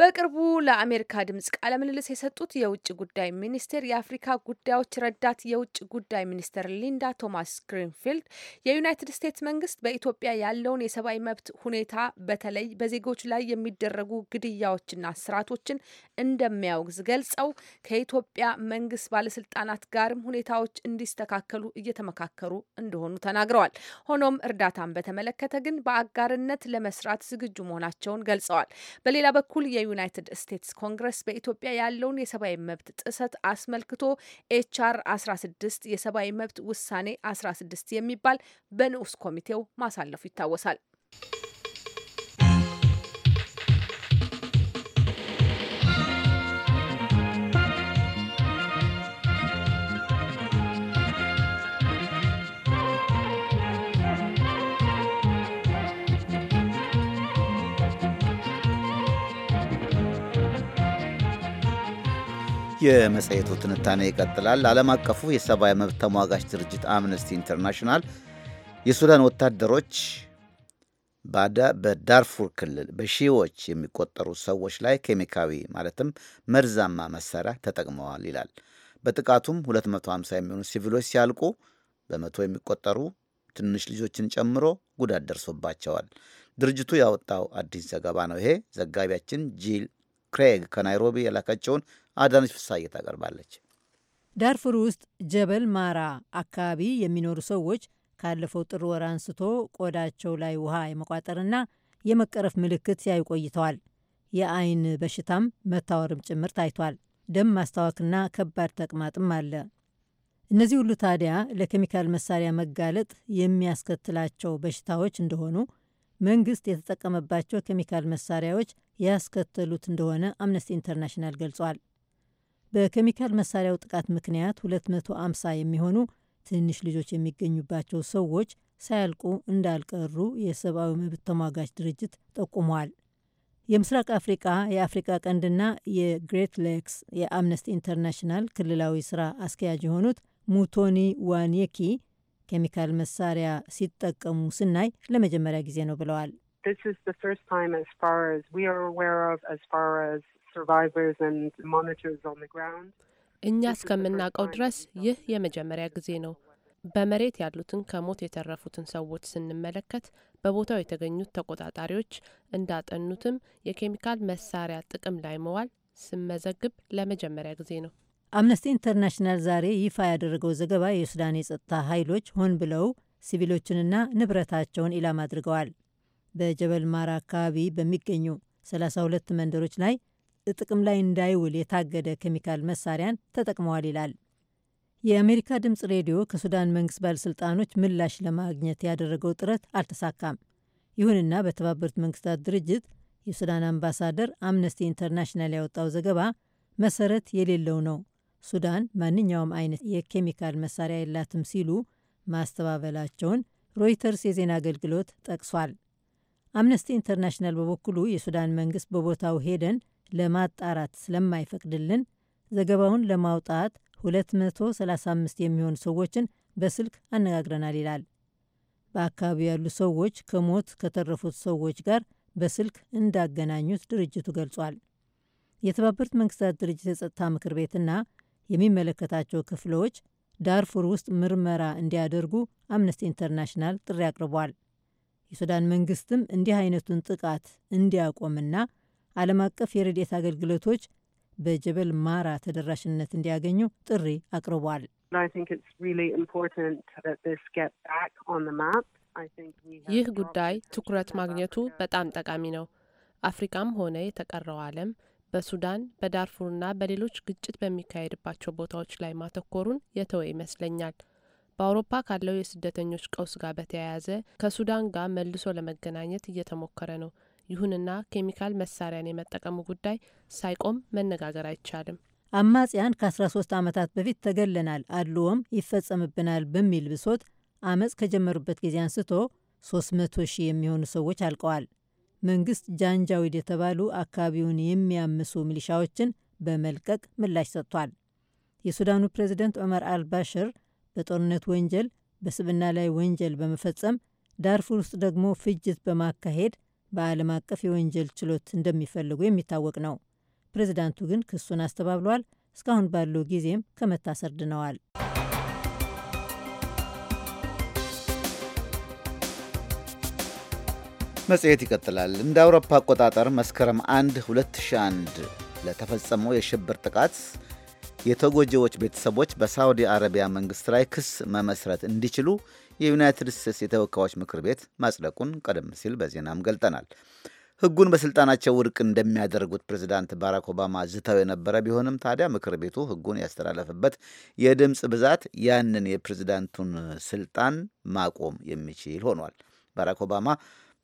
በቅርቡ ለአሜሪካ ድምጽ ቃለ ምልልስ የሰጡት የውጭ ጉዳይ ሚኒስቴር የአፍሪካ ጉዳዮች ረዳት የውጭ ጉዳይ ሚኒስትር ሊንዳ ቶማስ ግሪንፊልድ የዩናይትድ ስቴትስ መንግስት በኢትዮጵያ ያለውን የሰብአዊ መብት ሁኔታ በተለይ በዜጎች ላይ የሚደረጉ ግድያዎችና ስርዓቶችን እንደሚያወግዝ ገልጸው ከኢትዮጵያ መንግስት ባለስልጣናት ጋርም ሁኔታዎች እንዲስተካከሉ እየተመካከሩ እንደሆኑ ተናግረዋል። ሆኖም እርዳታን በተመለከተ ግን በአጋርነት ለመስራት ዝግጁ መሆናቸውን ገልጸዋል። በሌላ በኩል የዩናይትድ ስቴትስ ኮንግረስ በኢትዮጵያ ያለውን የሰብአዊ መብት ጥሰት አስመልክቶ ኤችአር 16 የሰብአዊ መብት ውሳኔ 16 የሚባል በንዑስ ኮሚቴው ማሳለፉ ይታወሳል። የመጽሔቱ ትንታኔ ይቀጥላል። ዓለም አቀፉ የሰብአዊ መብት ተሟጋች ድርጅት አምነስቲ ኢንተርናሽናል የሱዳን ወታደሮች በዳርፉር ክልል በሺዎች የሚቆጠሩ ሰዎች ላይ ኬሚካዊ ማለትም መርዛማ መሳሪያ ተጠቅመዋል ይላል። በጥቃቱም 250 የሚሆኑ ሲቪሎች ሲያልቁ በመቶ የሚቆጠሩ ትንሽ ልጆችን ጨምሮ ጉዳት ደርሶባቸዋል። ድርጅቱ ያወጣው አዲስ ዘገባ ነው። ይሄ ዘጋቢያችን ጂል ክሬግ ከናይሮቢ የላከችውን አዳነች ፍሳዬ ታቀርባለች። ዳርፉር ውስጥ ጀበል ማራ አካባቢ የሚኖሩ ሰዎች ካለፈው ጥር ወር አንስቶ ቆዳቸው ላይ ውሃ የመቋጠርና የመቀረፍ ምልክት ሲያዩ ቆይተዋል። የአይን በሽታም መታወርም ጭምር ታይቷል። ደም ማስታወክና ከባድ ተቅማጥም አለ። እነዚህ ሁሉ ታዲያ ለኬሚካል መሳሪያ መጋለጥ የሚያስከትላቸው በሽታዎች እንደሆኑ መንግስት የተጠቀመባቸው ኬሚካል መሳሪያዎች ያስከተሉት እንደሆነ አምነስቲ ኢንተርናሽናል ገልጿል። በኬሚካል መሳሪያው ጥቃት ምክንያት 250 የሚሆኑ ትንሽ ልጆች የሚገኙባቸው ሰዎች ሳያልቁ እንዳልቀሩ የሰብአዊ መብት ተሟጋች ድርጅት ጠቁመዋል። የምስራቅ አፍሪቃ፣ የአፍሪቃ ቀንድና የግሬት ሌክስ የአምነስቲ ኢንተርናሽናል ክልላዊ ስራ አስኪያጅ የሆኑት ሙቶኒ ዋኔኪ ኬሚካል መሳሪያ ሲጠቀሙ ስናይ ለመጀመሪያ ጊዜ ነው ብለዋል። እኛ እስከምናውቀው ድረስ ይህ የመጀመሪያ ጊዜ ነው። በመሬት ያሉትን ከሞት የተረፉትን ሰዎች ስንመለከት በቦታው የተገኙት ተቆጣጣሪዎች እንዳጠኑትም የኬሚካል መሳሪያ ጥቅም ላይ መዋል ስመዘግብ ለመጀመሪያ ጊዜ ነው። አምነስቲ ኢንተርናሽናል ዛሬ ይፋ ያደረገው ዘገባ የሱዳን የጸጥታ ኃይሎች ሆን ብለው ሲቪሎችንና ንብረታቸውን ኢላማ አድርገዋል። በጀበል ማራ አካባቢ በሚገኙ 32 መንደሮች ላይ ጥቅም ላይ እንዳይውል የታገደ ኬሚካል መሳሪያን ተጠቅመዋል ይላል። የአሜሪካ ድምፅ ሬዲዮ ከሱዳን መንግስት ባለሥልጣኖች ምላሽ ለማግኘት ያደረገው ጥረት አልተሳካም። ይሁንና በተባበሩት መንግስታት ድርጅት የሱዳን አምባሳደር አምነስቲ ኢንተርናሽናል ያወጣው ዘገባ መሰረት የሌለው ነው፣ ሱዳን ማንኛውም አይነት የኬሚካል መሳሪያ የላትም ሲሉ ማስተባበላቸውን ሮይተርስ የዜና አገልግሎት ጠቅሷል። አምነስቲ ኢንተርናሽናል በበኩሉ የሱዳን መንግስት በቦታው ሄደን ለማጣራት ስለማይፈቅድልን ዘገባውን ለማውጣት 235 የሚሆኑ ሰዎችን በስልክ አነጋግረናል ይላል። በአካባቢው ያሉ ሰዎች ከሞት ከተረፉት ሰዎች ጋር በስልክ እንዳገናኙት ድርጅቱ ገልጿል። የተባበሩት መንግስታት ድርጅት የጸጥታ ምክር ቤትና የሚመለከታቸው ክፍሎች ዳርፉር ውስጥ ምርመራ እንዲያደርጉ አምነስቲ ኢንተርናሽናል ጥሪ አቅርቧል። የሱዳን መንግስትም እንዲህ አይነቱን ጥቃት እንዲያቆምና ዓለም አቀፍ የረድኤት አገልግሎቶች በጀበል ማራ ተደራሽነት እንዲያገኙ ጥሪ አቅርቧል። ይህ ጉዳይ ትኩረት ማግኘቱ በጣም ጠቃሚ ነው። አፍሪካም ሆነ የተቀረው ዓለም በሱዳን በዳርፉርና በሌሎች ግጭት በሚካሄድባቸው ቦታዎች ላይ ማተኮሩን የተወ ይመስለኛል። በአውሮፓ ካለው የስደተኞች ቀውስ ጋር በተያያዘ ከሱዳን ጋር መልሶ ለመገናኘት እየተሞከረ ነው። ይሁንና ኬሚካል መሳሪያን የመጠቀሙ ጉዳይ ሳይቆም መነጋገር አይቻልም። አማጽያን ከ13 ዓመታት በፊት ተገለናል፣ አድልዎም ይፈጸምብናል በሚል ብሶት አመፅ ከጀመሩበት ጊዜ አንስቶ 300 ሺህ የሚሆኑ ሰዎች አልቀዋል። መንግስት ጃንጃዊድ የተባሉ አካባቢውን የሚያምሱ ሚሊሻዎችን በመልቀቅ ምላሽ ሰጥቷል። የሱዳኑ ፕሬዚደንት ዑመር አልባሽር በጦርነት ወንጀል፣ በስብና ላይ ወንጀል በመፈጸም ዳርፉር ውስጥ ደግሞ ፍጅት በማካሄድ በዓለም አቀፍ የወንጀል ችሎት እንደሚፈልጉ የሚታወቅ ነው። ፕሬዚዳንቱ ግን ክሱን አስተባብሏል። እስካሁን ባለው ጊዜም ከመታሰር ድነዋል። መጽሔት ይቀጥላል። እንደ አውሮፓ አቆጣጠር መስከረም 1 2001 ለተፈጸመው የሽብር ጥቃት የተጎጂዎች ቤተሰቦች በሳውዲ አረቢያ መንግሥት ላይ ክስ መመስረት እንዲችሉ የዩናይትድ ስቴትስ የተወካዮች ምክር ቤት ማጽደቁን ቀደም ሲል በዜናም ገልጠናል። ሕጉን በስልጣናቸው ውድቅ እንደሚያደርጉት ፕሬዚዳንት ባራክ ኦባማ ዝተው የነበረ ቢሆንም ታዲያ ምክር ቤቱ ሕጉን ያስተላለፈበት የድምፅ ብዛት ያንን የፕሬዚዳንቱን ስልጣን ማቆም የሚችል ሆኗል። ባራክ ኦባማ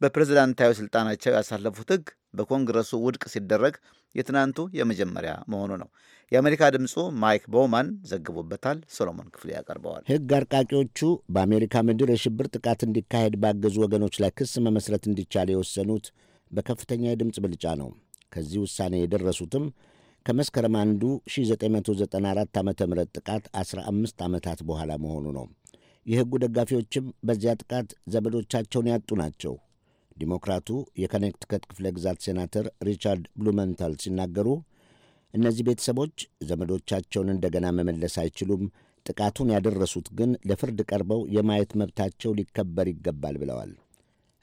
በፕሬዝዳንታዊ ስልጣናቸው ያሳለፉት ህግ በኮንግረሱ ውድቅ ሲደረግ የትናንቱ የመጀመሪያ መሆኑ ነው። የአሜሪካ ድምፁ ማይክ ቦውማን ዘግቦበታል። ሶሎሞን ክፍሌ ያቀርበዋል። ህግ አርቃቂዎቹ በአሜሪካ ምድር የሽብር ጥቃት እንዲካሄድ ባገዙ ወገኖች ላይ ክስ መመስረት እንዲቻል የወሰኑት በከፍተኛ የድምፅ ብልጫ ነው። ከዚህ ውሳኔ የደረሱትም ከመስከረም አንዱ 1994 ዓ ም ጥቃት 15 ዓመታት በኋላ መሆኑ ነው። የሕጉ ደጋፊዎችም በዚያ ጥቃት ዘመዶቻቸውን ያጡ ናቸው። ዲሞክራቱ የኮኔክቲከት ክፍለ ግዛት ሴናተር ሪቻርድ ብሉመንታል ሲናገሩ እነዚህ ቤተሰቦች ዘመዶቻቸውን እንደገና መመለስ አይችሉም፣ ጥቃቱን ያደረሱት ግን ለፍርድ ቀርበው የማየት መብታቸው ሊከበር ይገባል ብለዋል።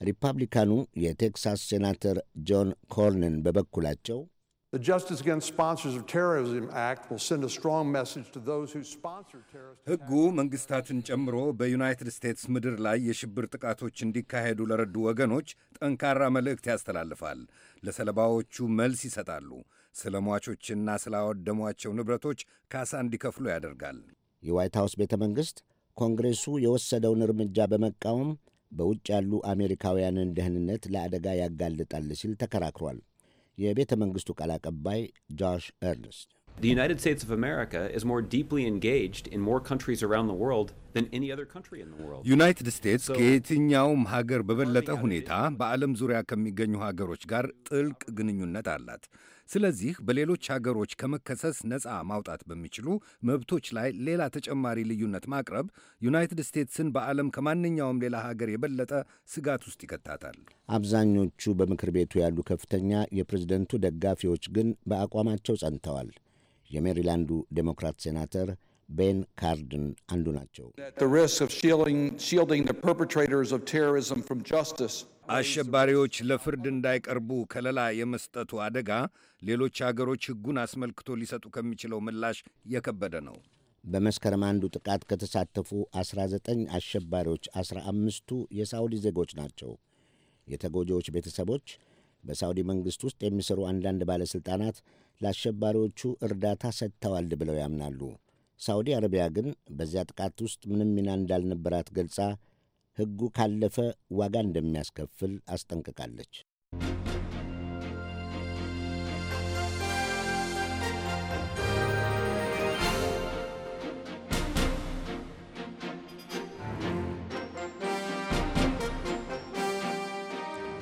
ሪፐብሊካኑ የቴክሳስ ሴናተር ጆን ኮርንን በበኩላቸው The Justice Against Sponsors of Terrorism Act will send a strong message to those who sponsor terrorist ሕጉ መንግስታትን ጨምሮ በዩናይትድ ስቴትስ ምድር ላይ የሽብር ጥቃቶች እንዲካሄዱ ለረዱ ወገኖች ጠንካራ መልእክት ያስተላልፋል። ለሰለባዎቹ መልስ ይሰጣሉ። ስለ ሟቾችና ስላወደሟቸው ንብረቶች ካሳ እንዲከፍሉ ያደርጋል። የዋይት ሀውስ ቤተ መንግሥት ኮንግሬሱ የወሰደውን እርምጃ በመቃወም በውጭ ያሉ አሜሪካውያንን ደህንነት ለአደጋ ያጋልጣል ሲል ተከራክሯል። የቤተ መንግሥቱ ቃል አቀባይ ጆሽ ኤርንስት The United States of America is more deeply engaged in more countries around the world than any other country in the world. ዩናይትድ ስቴትስ ከየትኛውም ሀገር በበለጠ ሁኔታ በዓለም ዙሪያ ከሚገኙ ሀገሮች ጋር ጥልቅ ግንኙነት አላት። ስለዚህ በሌሎች ሀገሮች ከመከሰስ ነፃ ማውጣት በሚችሉ መብቶች ላይ ሌላ ተጨማሪ ልዩነት ማቅረብ ዩናይትድ ስቴትስን በዓለም ከማንኛውም ሌላ ሀገር የበለጠ ስጋት ውስጥ ይከታታል። አብዛኞቹ በምክር ቤቱ ያሉ ከፍተኛ የፕሬዝደንቱ ደጋፊዎች ግን በአቋማቸው ጸንተዋል። የሜሪላንዱ ዴሞክራት ሴናተር ቤን ካርድን አንዱ ናቸው። አሸባሪዎች ለፍርድ እንዳይቀርቡ ከለላ የመስጠቱ አደጋ ሌሎች አገሮች ሕጉን አስመልክቶ ሊሰጡ ከሚችለው ምላሽ የከበደ ነው። በመስከረም አንዱ ጥቃት ከተሳተፉ 19 አሸባሪዎች 15ቱ የሳውዲ ዜጎች ናቸው። የተጎጂዎች ቤተሰቦች በሳውዲ መንግሥት ውስጥ የሚሰሩ አንዳንድ ባለሥልጣናት ለአሸባሪዎቹ እርዳታ ሰጥተዋል ብለው ያምናሉ። ሳውዲ አረቢያ ግን በዚያ ጥቃት ውስጥ ምንም ሚና እንዳልነበራት ገልጻ ሕጉ ካለፈ ዋጋ እንደሚያስከፍል አስጠንቅቃለች።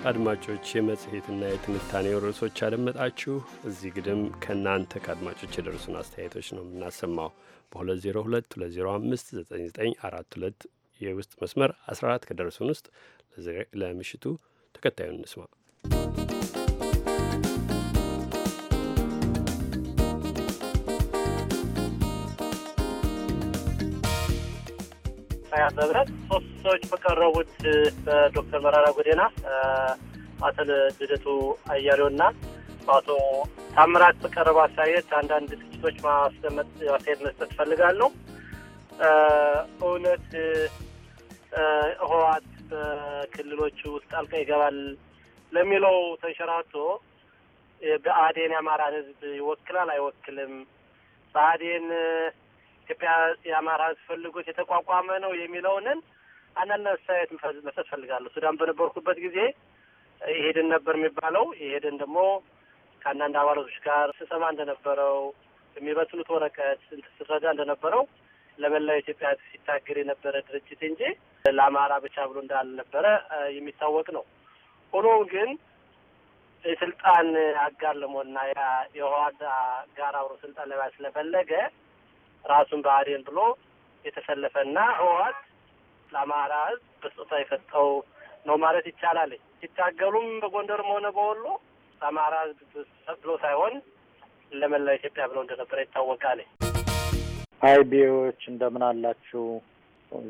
አድማጮች የመጽሔትና የትንታኔው ርዕሶች አደመጣችሁ። እዚህ ግድም ከእናንተ ከአድማጮች የደረሱን አስተያየቶች ነው የምናሰማው። በ202 የውስጥ መስመር 14 ከደረሱን ውስጥ ለምሽቱ ተከታዩን እንስማ። ሀያ መብረት ሶስት ሰዎች በቀረቡት በዶክተር መራራ ጉዲና አቶ ልደቱ አያሌውና በአቶ ታምራት በቀረበ አስተያየት አንዳንድ ትችቶች ማስደመጥ መስጠት እፈልጋለሁ። እውነት ህወሓት በክልሎቹ ውስጥ ጣልቃ ይገባል ለሚለው ተንሸራቶ ብአዴን የአማራን ህዝብ ይወክላል አይወክልም ብአዴን ኢትዮጵያ የአማራ ሕዝብ ፈልጎት የተቋቋመ ነው የሚለውንን አንዳንድ አስተያየት መስጠት ፈልጋለሁ። ሱዳን በነበርኩበት ጊዜ ይሄድን ነበር የሚባለው ይሄድን ደግሞ ከአንዳንድ አባላቶች ጋር ስሰማ እንደነበረው የሚበትኑት ወረቀት ስረዳ እንደነበረው ለመላው ኢትዮጵያ ሲታገር የነበረ ድርጅት እንጂ ለአማራ ብቻ ብሎ እንዳልነበረ የሚታወቅ ነው። ሆኖም ግን የስልጣን አጋር ለመሆንና የህዋት ጋር አብሮ ስልጣን ለባ ስለፈለገ ራሱን ብአዴን ብሎ የተሰለፈና ህወሓት ለአማራ ህዝብ በስጦታ የፈጠው ነው ማለት ይቻላል። ሲታገሉም በጎንደርም ሆነ በወሎ ለአማራ ህዝብ ብሎ ሳይሆን ለመላው ኢትዮጵያ ብሎ እንደነበረ ይታወቃል። አይ ቢዎች እንደምን አላችሁ?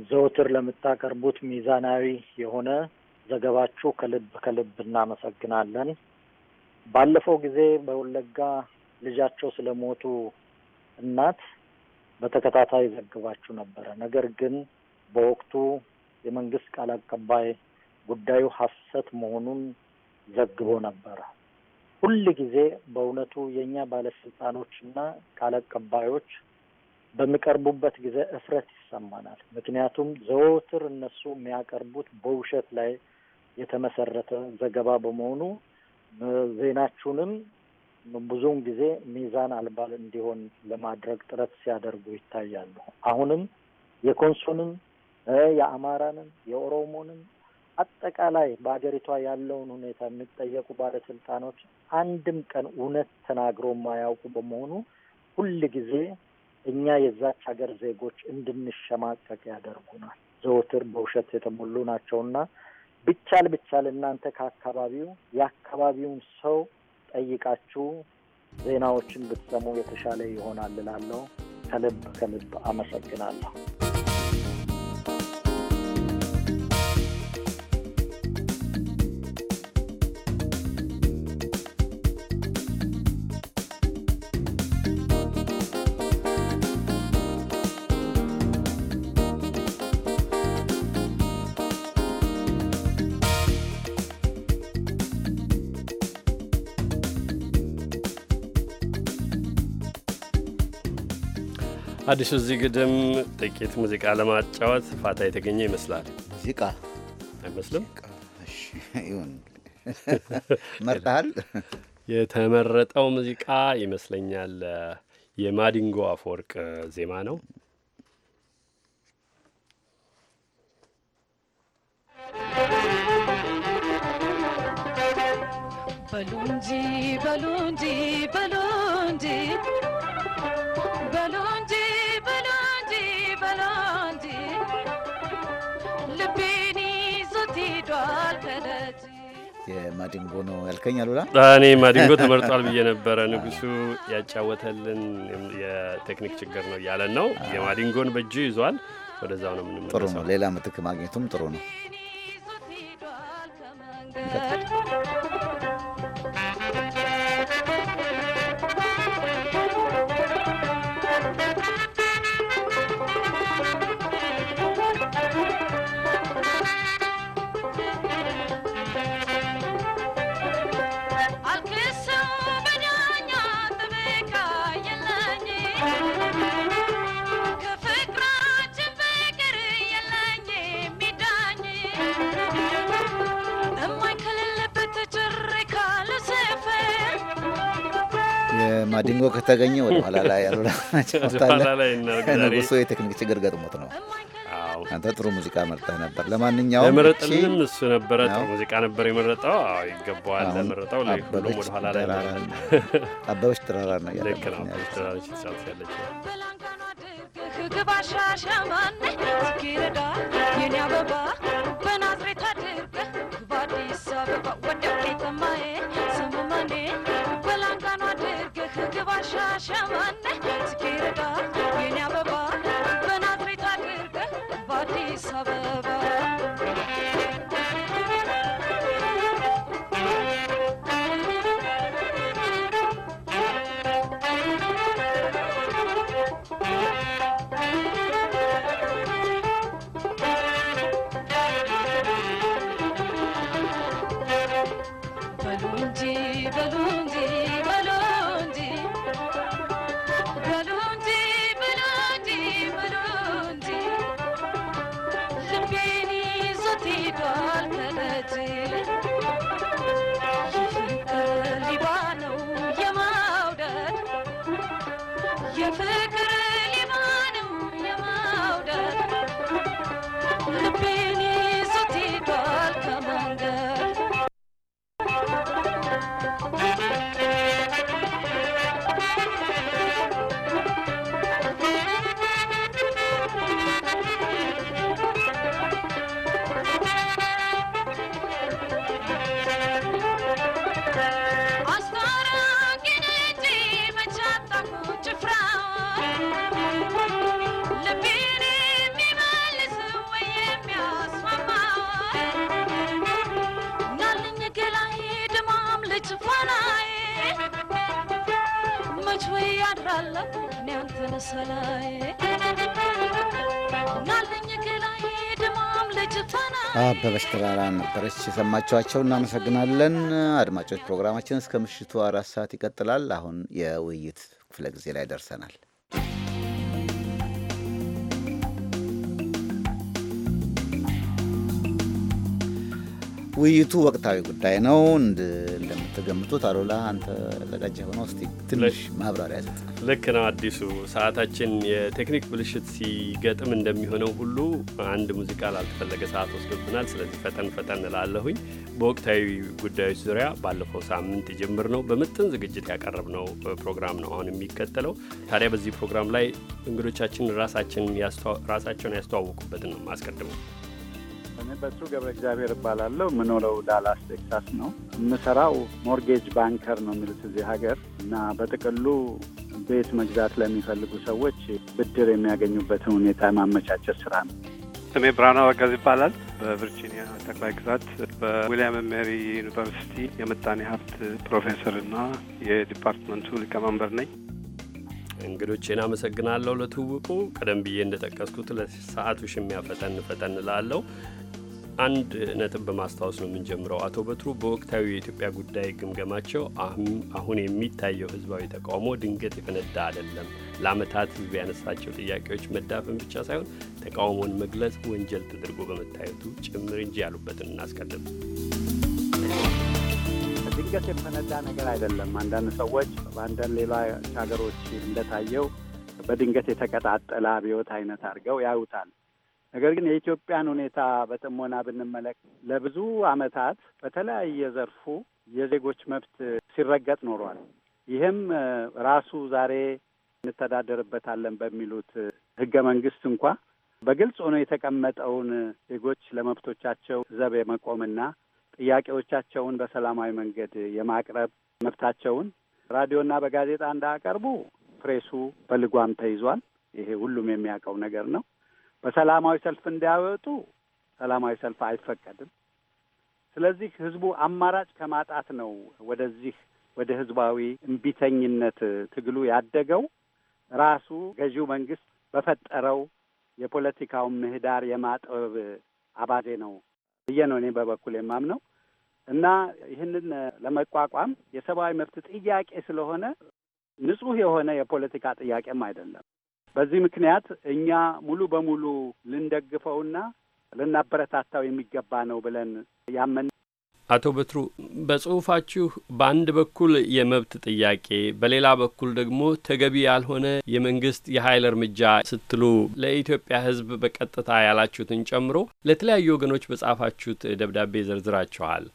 ዘውትር ለምታቀርቡት ሚዛናዊ የሆነ ዘገባችሁ ከልብ ከልብ እናመሰግናለን። ባለፈው ጊዜ በወለጋ ልጃቸው ስለሞቱ እናት በተከታታይ ዘግባችሁ ነበረ። ነገር ግን በወቅቱ የመንግስት ቃል አቀባይ ጉዳዩ ሐሰት መሆኑን ዘግቦ ነበረ። ሁል ጊዜ በእውነቱ የእኛ ባለስልጣኖች እና ቃል አቀባዮች በሚቀርቡበት ጊዜ እፍረት ይሰማናል። ምክንያቱም ዘወትር እነሱ የሚያቀርቡት በውሸት ላይ የተመሰረተ ዘገባ በመሆኑ ዜናችሁንም ብዙውን ጊዜ ሚዛን አልባል እንዲሆን ለማድረግ ጥረት ሲያደርጉ ይታያሉ። አሁንም የኮንሶንም የአማራንም የኦሮሞንም አጠቃላይ በሀገሪቷ ያለውን ሁኔታ የሚጠየቁ ባለስልጣኖች አንድም ቀን እውነት ተናግሮ የማያውቁ በመሆኑ ሁል ጊዜ እኛ የዛች ሀገር ዜጎች እንድንሸማቀቅ ያደርጉናል። ዘወትር በውሸት የተሞሉ ናቸውና ብቻል ብቻል እናንተ ከአካባቢው የአካባቢውን ሰው ጠይቃችሁ ዜናዎችን ብትሰሙ የተሻለ ይሆናል እላለሁ። ከልብ ከልብ አመሰግናለሁ። አዲሱ እዚህ ግድም ጥቂት ሙዚቃ ለማጫወት ፋታ የተገኘ ይመስላል። ሙዚቃ አይመስልም? ይሁን የተመረጠው ሙዚቃ ይመስለኛል የማዲንጎ አፈወርቅ ዜማ ነው። በሉ እንጂ በሉ እንጂ በሉ እንጂ የማዲንጎ ነው ያልከኝ አሉላ? እኔ ማዲንጎ ተመርጧል ብዬ ነበረ። ንጉሱ ያጫወተልን የቴክኒክ ችግር ነው እያለን ነው። የማዲንጎን በእጁ ይዟል። ወደዛው ነው የምንመለሰው። ጥሩ ነው። ሌላ ምትክ ማግኘቱም ጥሩ ነው። ከተገኘ ኋላ ላይ አሉላ ንጉሱ የቴክኒክ ችግር ገጥሞት ነው። አንተ ጥሩ ሙዚቃ መርጠህ ነበር። ለማንኛውም የመረጠልንም እሱ ነበረ። ጥሩ ሙዚቃ ነበር የመረጠው። ይገባዋል ለመረጠው። ሁሉም ወደኋላ ላይ አበበች ተራራ ነው ልክ ነው። አበበች ተራራች ትጫወት ያለች ግባሻሻማነ ጌረዳ የኔ አበባ ተራራ ነበረች የሰማችኋቸው። እናመሰግናለን አድማጮች። ፕሮግራማችን እስከ ምሽቱ አራት ሰዓት ይቀጥላል። አሁን የውይይት ክፍለ ጊዜ ላይ ደርሰናል። ውይይቱ ወቅታዊ ጉዳይ ነው። እንደምትገምቱት አሉላ አንተ ዘጋጅ ሆነ እስቲ ትንሽ ማብራሪያ ልክ ነው አዲሱ። ሰዓታችን የቴክኒክ ብልሽት ሲገጥም እንደሚሆነው ሁሉ አንድ ሙዚቃ ላልተፈለገ ሰዓት ወስዶብናል። ስለዚህ ፈጠን ፈጠን እላለሁኝ። በወቅታዊ ጉዳዮች ዙሪያ ባለፈው ሳምንት ጀምር ነው በምጥን ዝግጅት ያቀረብነው ፕሮግራም ነው አሁን የሚከተለው። ታዲያ በዚህ ፕሮግራም ላይ እንግዶቻችን ራሳቸውን ያስተዋወቁበትን ነው የማስቀድመው። እኔ በሱ ገብረ እግዚአብሔር እባላለሁ። የምኖረው ዳላስ ቴክሳስ ነው። የምሰራው ሞርጌጅ ባንከር ነው የሚሉት እዚህ ሀገር እና በጥቅሉ ቤት መግዛት ለሚፈልጉ ሰዎች ብድር የሚያገኙበትን ሁኔታ ማመቻቸት ስራ ነው። ስሜ ብርሃኑ አበጋዝ ይባላል። በቨርጂኒያ ጠቅላይ ግዛት በዊልያም ሜሪ ዩኒቨርሲቲ የምጣኔ ሀብት ፕሮፌሰር እና የዲፓርትመንቱ ሊቀመንበር ነኝ። እንግዶቼን አመሰግናለሁ ለትውውቁ። ቀደም ብዬ እንደጠቀስኩት ለሰዓቱ ሽሚያ ፈጠን ፈጠን ላለው አንድ ነጥብ በማስታወስ ነው የምንጀምረው። አቶ በትሩ በወቅታዊ የኢትዮጵያ ጉዳይ ግምገማቸው አሁን የሚታየው ህዝባዊ ተቃውሞ ድንገት የፈነዳ አይደለም፣ ለአመታት ህዝብ ያነሳቸው ጥያቄዎች መዳፈን ብቻ ሳይሆን ተቃውሞን መግለጽ ወንጀል ተደርጎ በመታየቱ ጭምር እንጂ ያሉበትን እናስቀድም። ድንገት የፈነዳ ነገር አይደለም። አንዳንድ ሰዎች በአንዳንድ ሌላ ሀገሮች እንደታየው በድንገት የተቀጣጠለ አብዮት አይነት አድርገው ያዩታል። ነገር ግን የኢትዮጵያን ሁኔታ በጥሞና ብንመለከት ለብዙ ዓመታት በተለያየ ዘርፉ የዜጎች መብት ሲረገጥ ኖሯል። ይህም ራሱ ዛሬ እንተዳደርበታለን በሚሉት ህገ መንግስት እንኳ በግልጽ ሆኖ የተቀመጠውን ዜጎች ለመብቶቻቸው ዘብ የመቆምና ጥያቄዎቻቸውን በሰላማዊ መንገድ የማቅረብ መብታቸውን ራዲዮና በጋዜጣ እንዳያቀርቡ ፕሬሱ በልጓም ተይዟል። ይሄ ሁሉም የሚያውቀው ነገር ነው። በሰላማዊ ሰልፍ እንዳይወጡ ሰላማዊ ሰልፍ አይፈቀድም። ስለዚህ ህዝቡ አማራጭ ከማጣት ነው ወደዚህ ወደ ህዝባዊ እምቢተኝነት ትግሉ ያደገው። ራሱ ገዢው መንግስት በፈጠረው የፖለቲካውን ምህዳር የማጥበብ አባዜ ነው ብዬ ነው እኔ በበኩል የማምነው እና ይህንን ለመቋቋም የሰብአዊ መብት ጥያቄ ስለሆነ ንጹህ የሆነ የፖለቲካ ጥያቄም አይደለም። በዚህ ምክንያት እኛ ሙሉ በሙሉ ልንደግፈውና ልናበረታታው የሚገባ ነው ብለን ያመን አቶ በትሩ በጽሁፋችሁ በአንድ በኩል የመብት ጥያቄ በሌላ በኩል ደግሞ ተገቢ ያልሆነ የመንግስት የኃይል እርምጃ ስትሉ ለኢትዮጵያ ሕዝብ በቀጥታ ያላችሁትን ጨምሮ ለተለያዩ ወገኖች በጻፋችሁት ደብዳቤ ዘርዝራችኋል።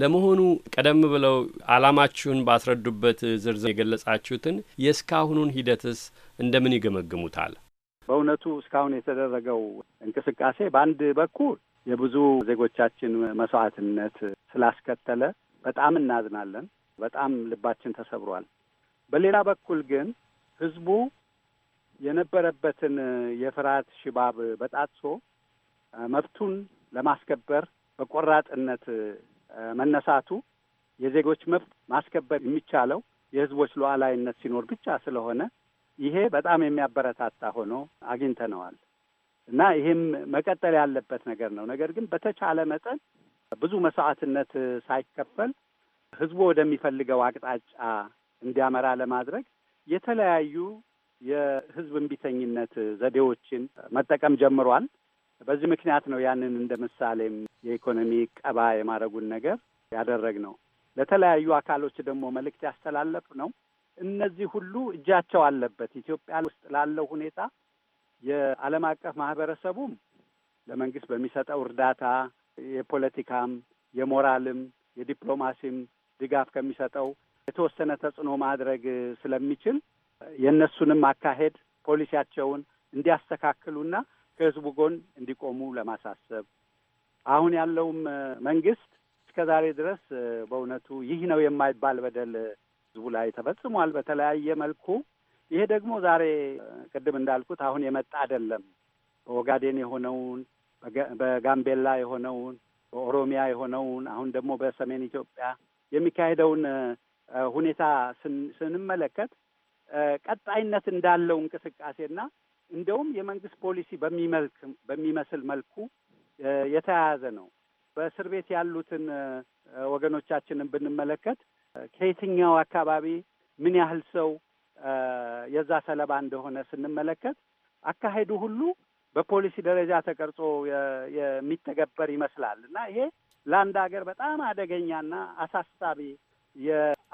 ለመሆኑ ቀደም ብለው አላማችሁን ባስረዱበት ዝርዝር የገለጻችሁትን የእስካሁኑን ሂደትስ እንደምን ይገመግሙታል? በእውነቱ እስካሁን የተደረገው እንቅስቃሴ በአንድ በኩል የብዙ ዜጎቻችን መስዋዕትነት ስላስከተለ በጣም እናዝናለን፣ በጣም ልባችን ተሰብሯል። በሌላ በኩል ግን ህዝቡ የነበረበትን የፍርሃት ሽባብ በጣጥሶ መብቱን ለማስከበር በቆራጥነት መነሳቱ የዜጎች መብት ማስከበር የሚቻለው የህዝቦች ሉዓላዊነት ሲኖር ብቻ ስለሆነ ይሄ በጣም የሚያበረታታ ሆኖ አግኝተነዋል እና ይህም መቀጠል ያለበት ነገር ነው። ነገር ግን በተቻለ መጠን ብዙ መስዋዕትነት ሳይከፈል ህዝቡ ወደሚፈልገው አቅጣጫ እንዲያመራ ለማድረግ የተለያዩ የህዝብ እምቢተኝነት ዘዴዎችን መጠቀም ጀምሯል። በዚህ ምክንያት ነው ያንን እንደ ምሳሌም የኢኮኖሚ ቀባ የማድረጉን ነገር ያደረግ ነው ለተለያዩ አካሎች ደግሞ መልእክት ያስተላለፍ ነው። እነዚህ ሁሉ እጃቸው አለበት ኢትዮጵያ ውስጥ ላለው ሁኔታ የዓለም አቀፍ ማህበረሰቡም ለመንግስት በሚሰጠው እርዳታ የፖለቲካም፣ የሞራልም፣ የዲፕሎማሲም ድጋፍ ከሚሰጠው የተወሰነ ተጽዕኖ ማድረግ ስለሚችል የእነሱንም አካሄድ ፖሊሲያቸውን እንዲያስተካክሉና ከህዝቡ ጎን እንዲቆሙ ለማሳሰብ አሁን ያለውም መንግስት እስከ ዛሬ ድረስ በእውነቱ ይህ ነው የማይባል በደል ህዝቡ ላይ ተፈጽሟል በተለያየ መልኩ። ይሄ ደግሞ ዛሬ ቅድም እንዳልኩት አሁን የመጣ አይደለም። በኦጋዴን የሆነውን፣ በጋምቤላ የሆነውን፣ በኦሮሚያ የሆነውን አሁን ደግሞ በሰሜን ኢትዮጵያ የሚካሄደውን ሁኔታ ስንመለከት ቀጣይነት እንዳለው እንቅስቃሴና እንደውም የመንግስት ፖሊሲ በሚመልክ በሚመስል መልኩ የተያያዘ ነው። በእስር ቤት ያሉትን ወገኖቻችንን ብንመለከት ከየትኛው አካባቢ ምን ያህል ሰው የዛ ሰለባ እንደሆነ ስንመለከት አካሄዱ ሁሉ በፖሊሲ ደረጃ ተቀርጾ የሚተገበር ይመስላል እና ይሄ ለአንድ ሀገር በጣም አደገኛና አሳሳቢ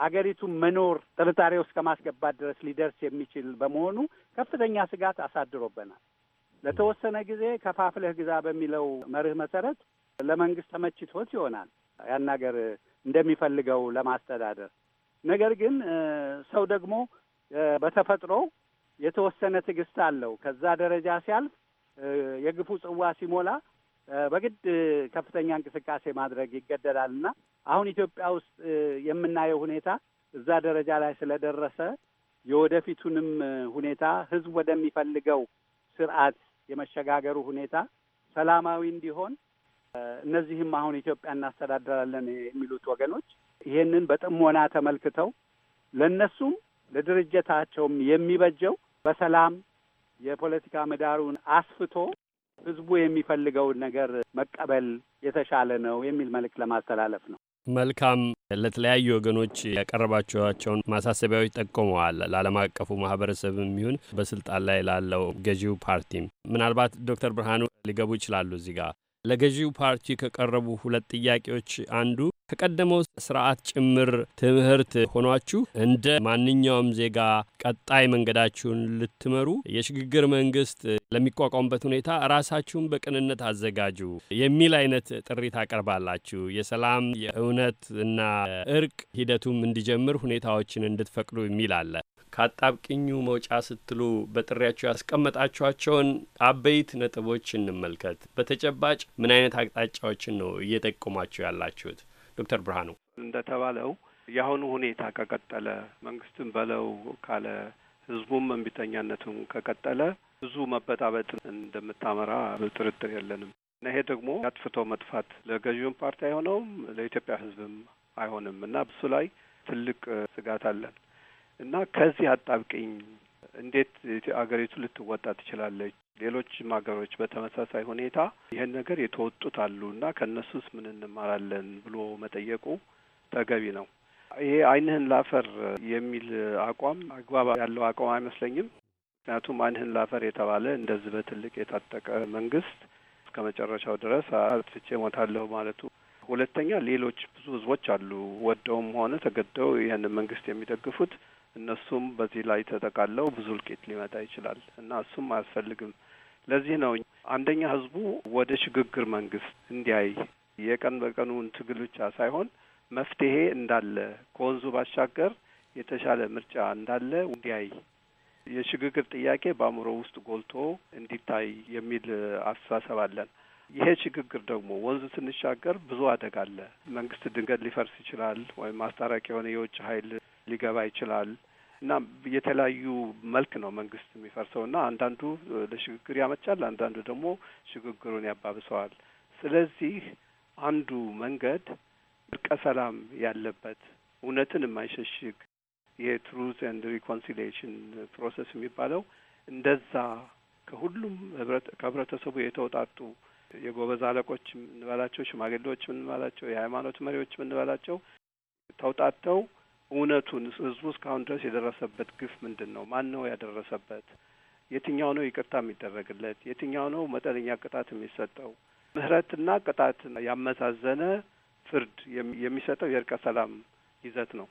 አገሪቱ መኖር ጥርጣሬ ውስጥ ከማስገባት ድረስ ሊደርስ የሚችል በመሆኑ ከፍተኛ ስጋት አሳድሮበናል። ለተወሰነ ጊዜ ከፋፍለህ ግዛ በሚለው መርህ መሰረት ለመንግስት ተመችቶት ይሆናል ያን ሀገር እንደሚፈልገው ለማስተዳደር። ነገር ግን ሰው ደግሞ በተፈጥሮ የተወሰነ ትዕግስት አለው። ከዛ ደረጃ ሲያልፍ የግፉ ጽዋ ሲሞላ በግድ ከፍተኛ እንቅስቃሴ ማድረግ ይገደዳል እና አሁን ኢትዮጵያ ውስጥ የምናየው ሁኔታ እዛ ደረጃ ላይ ስለደረሰ የወደፊቱንም ሁኔታ ህዝብ ወደሚፈልገው ስርዓት የመሸጋገሩ ሁኔታ ሰላማዊ እንዲሆን እነዚህም አሁን ኢትዮጵያ እናስተዳድራለን የሚሉት ወገኖች ይሄንን በጥሞና ተመልክተው ለእነሱም ለድርጅታቸውም የሚበጀው በሰላም የፖለቲካ ምህዳሩን አስፍቶ ህዝቡ የሚፈልገውን ነገር መቀበል የተሻለ ነው የሚል መልእክት ለማስተላለፍ ነው። መልካም። ለተለያዩ ወገኖች ያቀረባቸዋቸውን ማሳሰቢያዎች ጠቁመዋል። ለዓለም አቀፉ ማህበረሰብ የሚሆን በስልጣን ላይ ላለው ገዢው ፓርቲም ምናልባት ዶክተር ብርሃኑ ሊገቡ ይችላሉ። እዚህ ጋር ለገዢው ፓርቲ ከቀረቡ ሁለት ጥያቄዎች አንዱ ከቀደመው ስርዓት ጭምር ትምህርት ሆኗችሁ እንደ ማንኛውም ዜጋ ቀጣይ መንገዳችሁን ልትመሩ የሽግግር መንግስት ለሚቋቋሙበት ሁኔታ ራሳችሁን በቅንነት አዘጋጁ የሚል አይነት ጥሪ ታቀርባላችሁ። የሰላም የእውነት እና እርቅ ሂደቱም እንዲጀምር ሁኔታዎችን እንድትፈቅዱ የሚል አለ። ከአጣብቅኙ መውጫ ስትሉ በጥሪያቸው ያስቀመጣችኋቸውን አበይት ነጥቦች እንመልከት። በተጨባጭ ምን አይነት አቅጣጫዎችን ነው እየጠቆማችሁ ያላችሁት? ዶክተር ብርሃኑ እንደተባለው የአሁኑ ሁኔታ ከቀጠለ መንግስትም በለው ካለ ህዝቡም እንቢተኛነቱን ከቀጠለ ብዙ መበጣበጥ እንደምታመራ ጥርጥር የለንም እና ይሄ ደግሞ አጥፍቶ መጥፋት ለገዢውን ፓርቲ አይሆነውም ለኢትዮጵያ ሕዝብም አይሆንም እና ብሱ ላይ ትልቅ ስጋት አለን እና ከዚህ አጣብቅኝ እንዴት አገሪቱ ልትወጣ ትችላለች? ሌሎችም ሀገሮች በተመሳሳይ ሁኔታ ይህን ነገር የተወጡት አሉ እና ከእነሱስ ምን እንማራለን ብሎ መጠየቁ ተገቢ ነው። ይሄ አይንህን ላፈር የሚል አቋም አግባብ ያለው አቋም አይመስለኝም። ምክንያቱም አንህን ላፈር የተባለ እንደዚህ በትልቅ የታጠቀ መንግስት እስከ መጨረሻው ድረስ አጥፍቼ ሞታለሁ ማለቱ ሁለተኛ ሌሎች ብዙ ህዝቦች አሉ ወደውም ሆነ ተገደው ይህንን መንግስት የሚደግፉት እነሱም በዚህ ላይ ተጠቃለው ብዙ እልቂት ሊመጣ ይችላል እና እሱም አያስፈልግም። ለዚህ ነው አንደኛ ህዝቡ ወደ ሽግግር መንግስት እንዲያይ የቀን በቀኑን ትግል ብቻ ሳይሆን መፍትሄ እንዳለ ከወንዙ ባሻገር የተሻለ ምርጫ እንዳለ እንዲያይ የሽግግር ጥያቄ በአእምሮ ውስጥ ጎልቶ እንዲታይ የሚል አስተሳሰብ አለን። ይሄ ሽግግር ደግሞ ወንዝ ስንሻገር ብዙ አደጋ አለ። መንግስት ድንገት ሊፈርስ ይችላል፣ ወይም አስታራቂ የሆነ የውጭ ኃይል ሊገባ ይችላል እና የተለያዩ መልክ ነው መንግስት የሚፈርሰው እና አንዳንዱ ለሽግግር ያመቻል፣ አንዳንዱ ደግሞ ሽግግሩን ያባብሰዋል። ስለዚህ አንዱ መንገድ እርቀ ሰላም ያለበት እውነትን የማይሸሽግ የትሩዝ ትሩዝ ኤንድ ሪኮንሲሌሽን ፕሮሰስ የሚባለው እንደዛ ከሁሉም ከህብረተሰቡ የተውጣጡ የጎበዝ አለቆች የምንበላቸው፣ ሽማግሌዎች የምንበላቸው፣ የሃይማኖት መሪዎች የምንበላቸው ተውጣጥተው እውነቱን ህዝቡ እስካሁን ድረስ የደረሰበት ግፍ ምንድን ነው? ማን ነው ያደረሰበት? የትኛው ነው ይቅርታ የሚደረግለት? የትኛው ነው መጠነኛ ቅጣት የሚሰጠው? ምህረትና ቅጣት ያመዛዘነ ፍርድ የሚሰጠው የእርቀ ሰላም ይዘት ነው።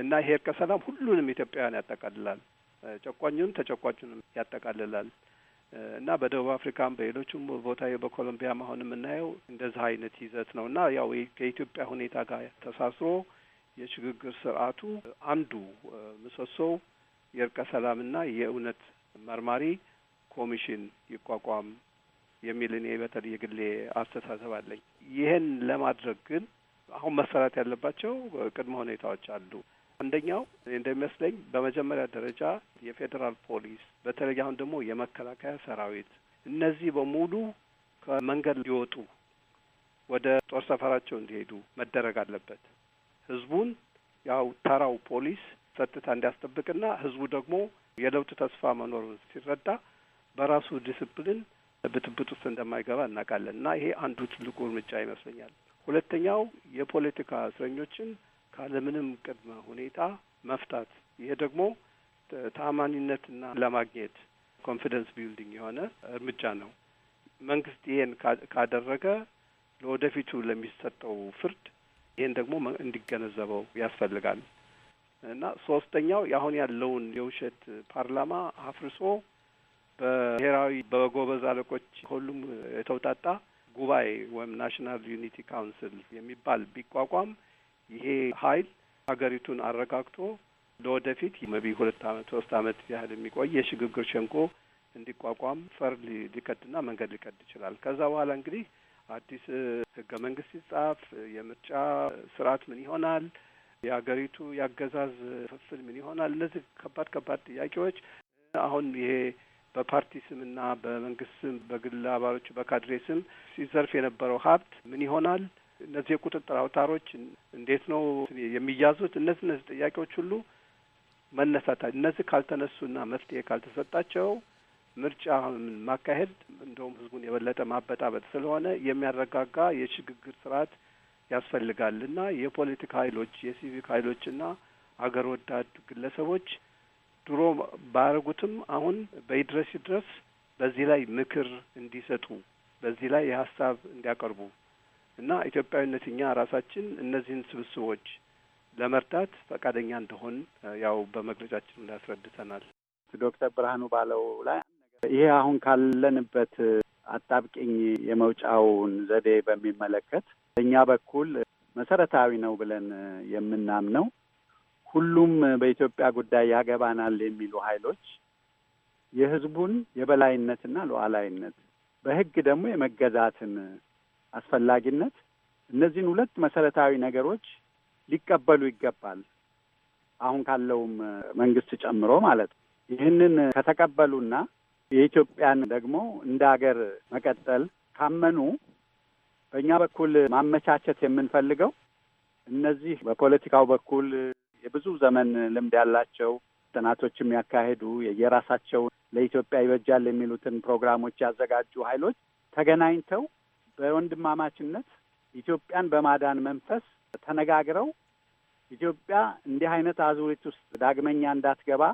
እና ይሄ እርቀ ሰላም ሁሉንም ኢትዮጵያውያን ያጠቃልላል፣ ጨቋኙንም ተጨቋቹንም ያጠቃልላል እና በደቡብ አፍሪካም በሌሎችም ቦታ በኮሎምቢያም አሁን የምናየው እንደዛ አይነት ይዘት ነው እና ያው ከኢትዮጵያ ሁኔታ ጋር ተሳስሮ የሽግግር ስርዓቱ አንዱ ምሰሶው የእርቀ ሰላምና የእውነት መርማሪ ኮሚሽን ይቋቋም የሚል እኔ በተለይ የግሌ አስተሳሰብ አለኝ። ይህን ለማድረግ ግን አሁን መሰራት ያለባቸው ቅድመ ሁኔታዎች አሉ። አንደኛው እንደሚመስለኝ በመጀመሪያ ደረጃ የፌዴራል ፖሊስ በተለይ አሁን ደግሞ የመከላከያ ሰራዊት እነዚህ በሙሉ ከመንገድ ሊወጡ ወደ ጦር ሰፈራቸው እንዲሄዱ መደረግ አለበት። ህዝቡን ያው ተራው ፖሊስ ጸጥታ እንዲያስጠብቅና ህዝቡ ደግሞ የለውጥ ተስፋ መኖሩን ሲረዳ በራሱ ዲስፕሊን ብጥብጥ ውስጥ እንደማይገባ እናውቃለን እና ይሄ አንዱ ትልቁ እርምጃ ይመስለኛል። ሁለተኛው የፖለቲካ እስረኞችን ካለምንም ቅድመ ሁኔታ መፍታት። ይሄ ደግሞ ተአማኒነትና ለማግኘት ኮንፊደንስ ቢልዲንግ የሆነ እርምጃ ነው። መንግስት ይሄን ካደረገ ለወደፊቱ ለሚሰጠው ፍርድ ይሄን ደግሞ እንዲገነዘበው ያስፈልጋል እና ሶስተኛው አሁን ያለውን የውሸት ፓርላማ አፍርሶ በብሔራዊ በጎበዝ አለቆች ሁሉም የተውጣጣ ጉባኤ ወይም ናሽናል ዩኒቲ ካውንስል የሚባል ቢቋቋም ይሄ ኃይል ሀገሪቱን አረጋግቶ ለወደፊት መቢ ሁለት አመት ሶስት አመት ያህል የሚቆይ የሽግግር ሸንጎ እንዲቋቋም ፈር ሊቀድና መንገድ ሊቀድ ይችላል። ከዛ በኋላ እንግዲህ አዲስ ህገ መንግስት ሲጻፍ የምርጫ ስርዓት ምን ይሆናል፣ የሀገሪቱ የአገዛዝ ፍፍል ምን ይሆናል፣ እነዚህ ከባድ ከባድ ጥያቄዎች አሁን ይሄ በፓርቲ ስምና በመንግስት ስም በግል አባሎች በካድሬ ስም ሲዘርፍ የነበረው ሀብት ምን ይሆናል? እነዚህ የቁጥጥር አውታሮች እንዴት ነው የሚያዙት? እነዚህ እነዚህ ጥያቄዎች ሁሉ መነሳታ እነዚህ ካልተነሱና መፍትሄ ካልተሰጣቸው ምርጫ ማካሄድ እንደውም ህዝቡን የበለጠ ማበጣበጥ ስለሆነ የሚያረጋጋ የሽግግር ስርዓት ያስፈልጋል እና የፖለቲካ ኃይሎች የሲቪክ ኃይሎችና አገር ወዳድ ግለሰቦች ድሮ ባያደረጉትም አሁን በይድረስ ድረስ በዚህ ላይ ምክር እንዲሰጡ በዚህ ላይ የሀሳብ እንዲያቀርቡ እና ኢትዮጵያዊነት እኛ ራሳችን እነዚህን ስብስቦች ለመርዳት ፈቃደኛ እንደሆን ያው በመግለጫችን ያስረድተናል ዶክተር ብርሃኑ ባለው ላይ ይሄ አሁን ካለንበት አጣብቂኝ የመውጫውን ዘዴ በሚመለከት በእኛ በኩል መሰረታዊ ነው ብለን የምናምነው ሁሉም በኢትዮጵያ ጉዳይ ያገባናል የሚሉ ኃይሎች የሕዝቡን የበላይነትና ሉዓላዊነት በሕግ ደግሞ የመገዛትን አስፈላጊነት እነዚህን ሁለት መሰረታዊ ነገሮች ሊቀበሉ ይገባል። አሁን ካለውም መንግስት ጨምሮ ማለት ነው። ይህንን ከተቀበሉና የኢትዮጵያን ደግሞ እንደ ሀገር መቀጠል ካመኑ በእኛ በኩል ማመቻቸት የምንፈልገው እነዚህ በፖለቲካው በኩል የብዙ ዘመን ልምድ ያላቸው ጥናቶች የሚያካሄዱ የየራሳቸውን ለኢትዮጵያ ይበጃል የሚሉትን ፕሮግራሞች ያዘጋጁ ኃይሎች ተገናኝተው በወንድማማችነት ኢትዮጵያን በማዳን መንፈስ ተነጋግረው ኢትዮጵያ እንዲህ አይነት አዙሪት ውስጥ ዳግመኛ እንዳትገባ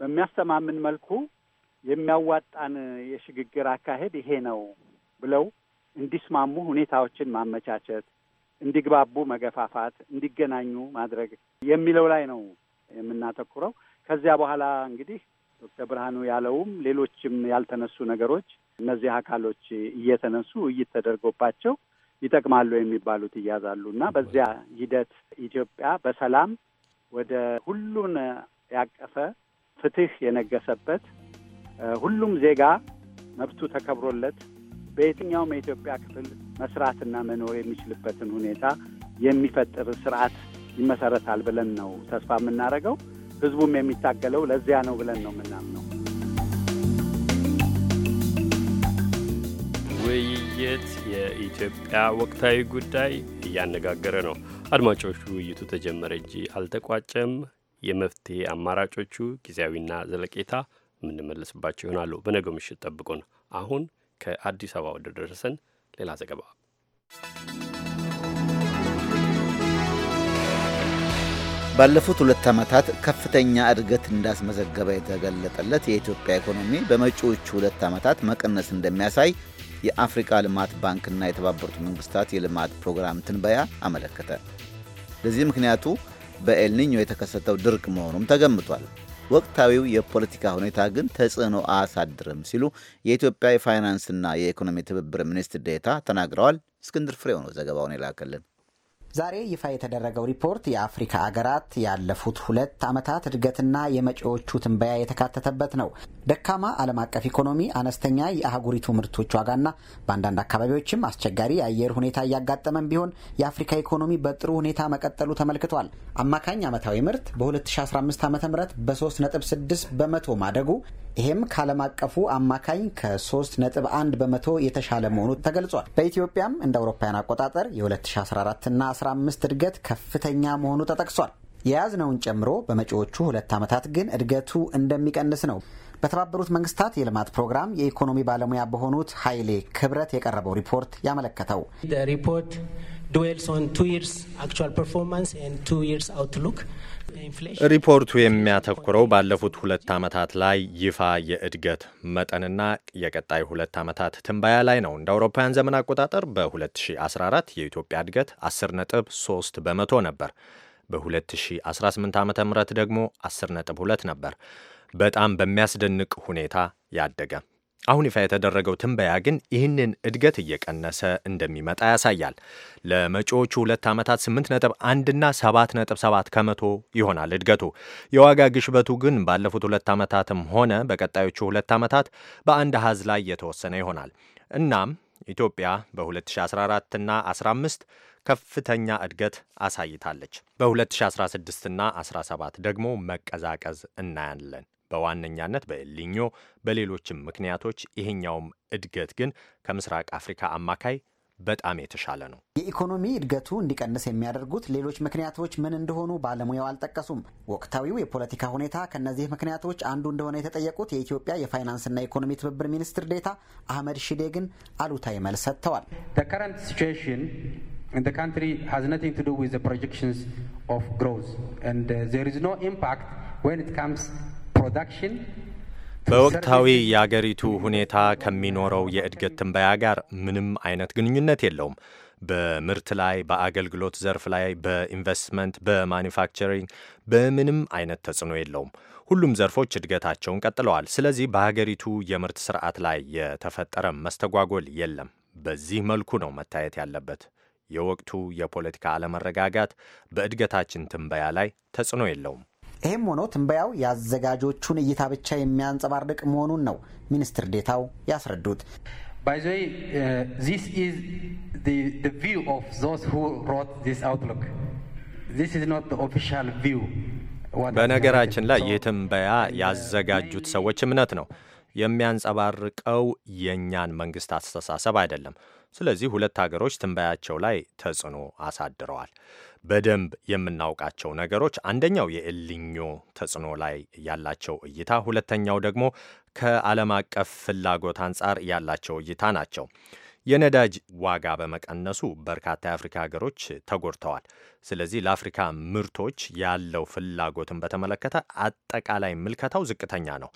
በሚያስተማምን መልኩ የሚያዋጣን የሽግግር አካሄድ ይሄ ነው ብለው እንዲስማሙ ሁኔታዎችን ማመቻቸት፣ እንዲግባቡ መገፋፋት፣ እንዲገናኙ ማድረግ የሚለው ላይ ነው የምናተኩረው። ከዚያ በኋላ እንግዲህ ዶክተር ብርሃኑ ያለውም ሌሎችም ያልተነሱ ነገሮች እነዚህ አካሎች እየተነሱ ውይይት ተደርጎባቸው ይጠቅማሉ የሚባሉት እያዛሉ እና በዚያ ሂደት ኢትዮጵያ በሰላም ወደ ሁሉን ያቀፈ ፍትህ የነገሰበት ሁሉም ዜጋ መብቱ ተከብሮለት በየትኛውም የኢትዮጵያ ክፍል መስራትና መኖር የሚችልበትን ሁኔታ የሚፈጥር ስርዓት ይመሰረታል ብለን ነው ተስፋ የምናደርገው። ህዝቡም የሚታገለው ለዚያ ነው ብለን ነው የምናምነው። ውይይት የኢትዮጵያ ወቅታዊ ጉዳይ እያነጋገረ ነው። አድማጮቹ ውይይቱ ተጀመረ እንጂ አልተቋጨም። የመፍትሄ አማራጮቹ ጊዜያዊና ዘለቄታ የምንመለስባቸው ይሆናሉ። በነገው ምሽት ጠብቁን። አሁን ከአዲስ አበባ ወደ ደረሰን ሌላ ዘገባ ባለፉት ሁለት ዓመታት ከፍተኛ እድገት እንዳስመዘገበ የተገለጠለት የኢትዮጵያ ኢኮኖሚ በመጪዎቹ ሁለት ዓመታት መቀነስ እንደሚያሳይ የአፍሪካ ልማት ባንክና የተባበሩት መንግስታት የልማት ፕሮግራም ትንበያ አመለከተ። ለዚህ ምክንያቱ በኤልኒኞ የተከሰተው ድርቅ መሆኑም ተገምቷል። ወቅታዊው የፖለቲካ ሁኔታ ግን ተጽዕኖ አያሳድርም ሲሉ የኢትዮጵያ የፋይናንስና የኢኮኖሚ ትብብር ሚኒስትር ዴታ ተናግረዋል። እስክንድር ፍሬው ነው ዘገባውን የላከልን። ዛሬ ይፋ የተደረገው ሪፖርት የአፍሪካ አገራት ያለፉት ሁለት ዓመታት እድገትና የመጪዎቹ ትንበያ የተካተተበት ነው። ደካማ ዓለም አቀፍ ኢኮኖሚ፣ አነስተኛ የአህጉሪቱ ምርቶች ዋጋና በአንዳንድ አካባቢዎችም አስቸጋሪ የአየር ሁኔታ እያጋጠመን ቢሆን የአፍሪካ ኢኮኖሚ በጥሩ ሁኔታ መቀጠሉ ተመልክቷል። አማካኝ ዓመታዊ ምርት በ2015 ዓ ም በ3.6 በመቶ ማደጉ ይህም ከዓለም አቀፉ አማካኝ ከ3.1 በመቶ የተሻለ መሆኑ ተገልጿል። በኢትዮጵያም እንደ አውሮፓውያን አቆጣጠር የ2014 ና 15 እድገት ከፍተኛ መሆኑ ተጠቅሷል። የያዝነውን ጨምሮ በመጪዎቹ ሁለት ዓመታት ግን እድገቱ እንደሚቀንስ ነው በተባበሩት መንግስታት የልማት ፕሮግራም የኢኮኖሚ ባለሙያ በሆኑት ኃይሌ ክብረት የቀረበው ሪፖርት ያመለከተው ሪፖርት dwells on two years actual ሪፖርቱ የሚያተኩረው ባለፉት ሁለት ዓመታት ላይ ይፋ የእድገት መጠንና የቀጣይ ሁለት ዓመታት ትንባያ ላይ ነው። እንደ አውሮፓውያን ዘመን አቆጣጠር በ2014 የኢትዮጵያ እድገት 10.3 በመቶ ነበር። በ2018 ዓ ም ደግሞ 10.2 ነበር። በጣም በሚያስደንቅ ሁኔታ ያደገ አሁን ይፋ የተደረገው ትንበያ ግን ይህንን እድገት እየቀነሰ እንደሚመጣ ያሳያል። ለመጪዎቹ ሁለት ዓመታት 8.1ና 7.7 ከመቶ ይሆናል እድገቱ። የዋጋ ግሽበቱ ግን ባለፉት ሁለት ዓመታትም ሆነ በቀጣዮቹ ሁለት ዓመታት በአንድ አሃዝ ላይ የተወሰነ ይሆናል። እናም ኢትዮጵያ በ2014 እና 15 ከፍተኛ እድገት አሳይታለች። በ2016 እና 17 ደግሞ መቀዛቀዝ እናያለን። በዋነኛነት በኤልኒኞ በሌሎችም ምክንያቶች ይሄኛውም እድገት ግን ከምስራቅ አፍሪካ አማካይ በጣም የተሻለ ነው። የኢኮኖሚ እድገቱ እንዲቀንስ የሚያደርጉት ሌሎች ምክንያቶች ምን እንደሆኑ ባለሙያው አልጠቀሱም። ወቅታዊው የፖለቲካ ሁኔታ ከእነዚህ ምክንያቶች አንዱ እንደሆነ የተጠየቁት የኢትዮጵያ የፋይናንስና ኢኮኖሚ ትብብር ሚኒስትር ዴታ አህመድ ሺዴ ግን አሉታዊ መልስ ሰጥተዋል። ፕሮጀክሽንስ ኦፍ ግሮዝ በወቅታዊ የአገሪቱ ሁኔታ ከሚኖረው የእድገት ትንበያ ጋር ምንም አይነት ግንኙነት የለውም። በምርት ላይ፣ በአገልግሎት ዘርፍ ላይ፣ በኢንቨስትመንት፣ በማኒፋክቸሪንግ በምንም አይነት ተጽዕኖ የለውም። ሁሉም ዘርፎች እድገታቸውን ቀጥለዋል። ስለዚህ በሀገሪቱ የምርት ስርዓት ላይ የተፈጠረ መስተጓጎል የለም። በዚህ መልኩ ነው መታየት ያለበት። የወቅቱ የፖለቲካ አለመረጋጋት በእድገታችን ትንበያ ላይ ተጽዕኖ የለውም። ይህም ሆኖ ትንበያው የአዘጋጆቹን እይታ ብቻ የሚያንጸባርቅ መሆኑን ነው ሚኒስትር ዴታው ያስረዱት። ባይዘይ ዚስ ኦፍ ሁ ሮት ዚስ አውትሉክ ዚስ ኢዝ በነገራችን ላይ ይህ ትንበያ ያዘጋጁት ሰዎች እምነት ነው የሚያንጸባርቀው የእኛን መንግስት አስተሳሰብ አይደለም። ስለዚህ ሁለት ሀገሮች ትንበያቸው ላይ ተጽዕኖ አሳድረዋል። በደንብ የምናውቃቸው ነገሮች አንደኛው የኤልኒኞ ተጽዕኖ ላይ ያላቸው እይታ፣ ሁለተኛው ደግሞ ከዓለም አቀፍ ፍላጎት አንጻር ያላቸው እይታ ናቸው። የነዳጅ ዋጋ በመቀነሱ በርካታ የአፍሪካ ሀገሮች ተጎድተዋል። ስለዚህ ለአፍሪካ ምርቶች ያለው ፍላጎትን በተመለከተ አጠቃላይ ምልከታው ዝቅተኛ ነው።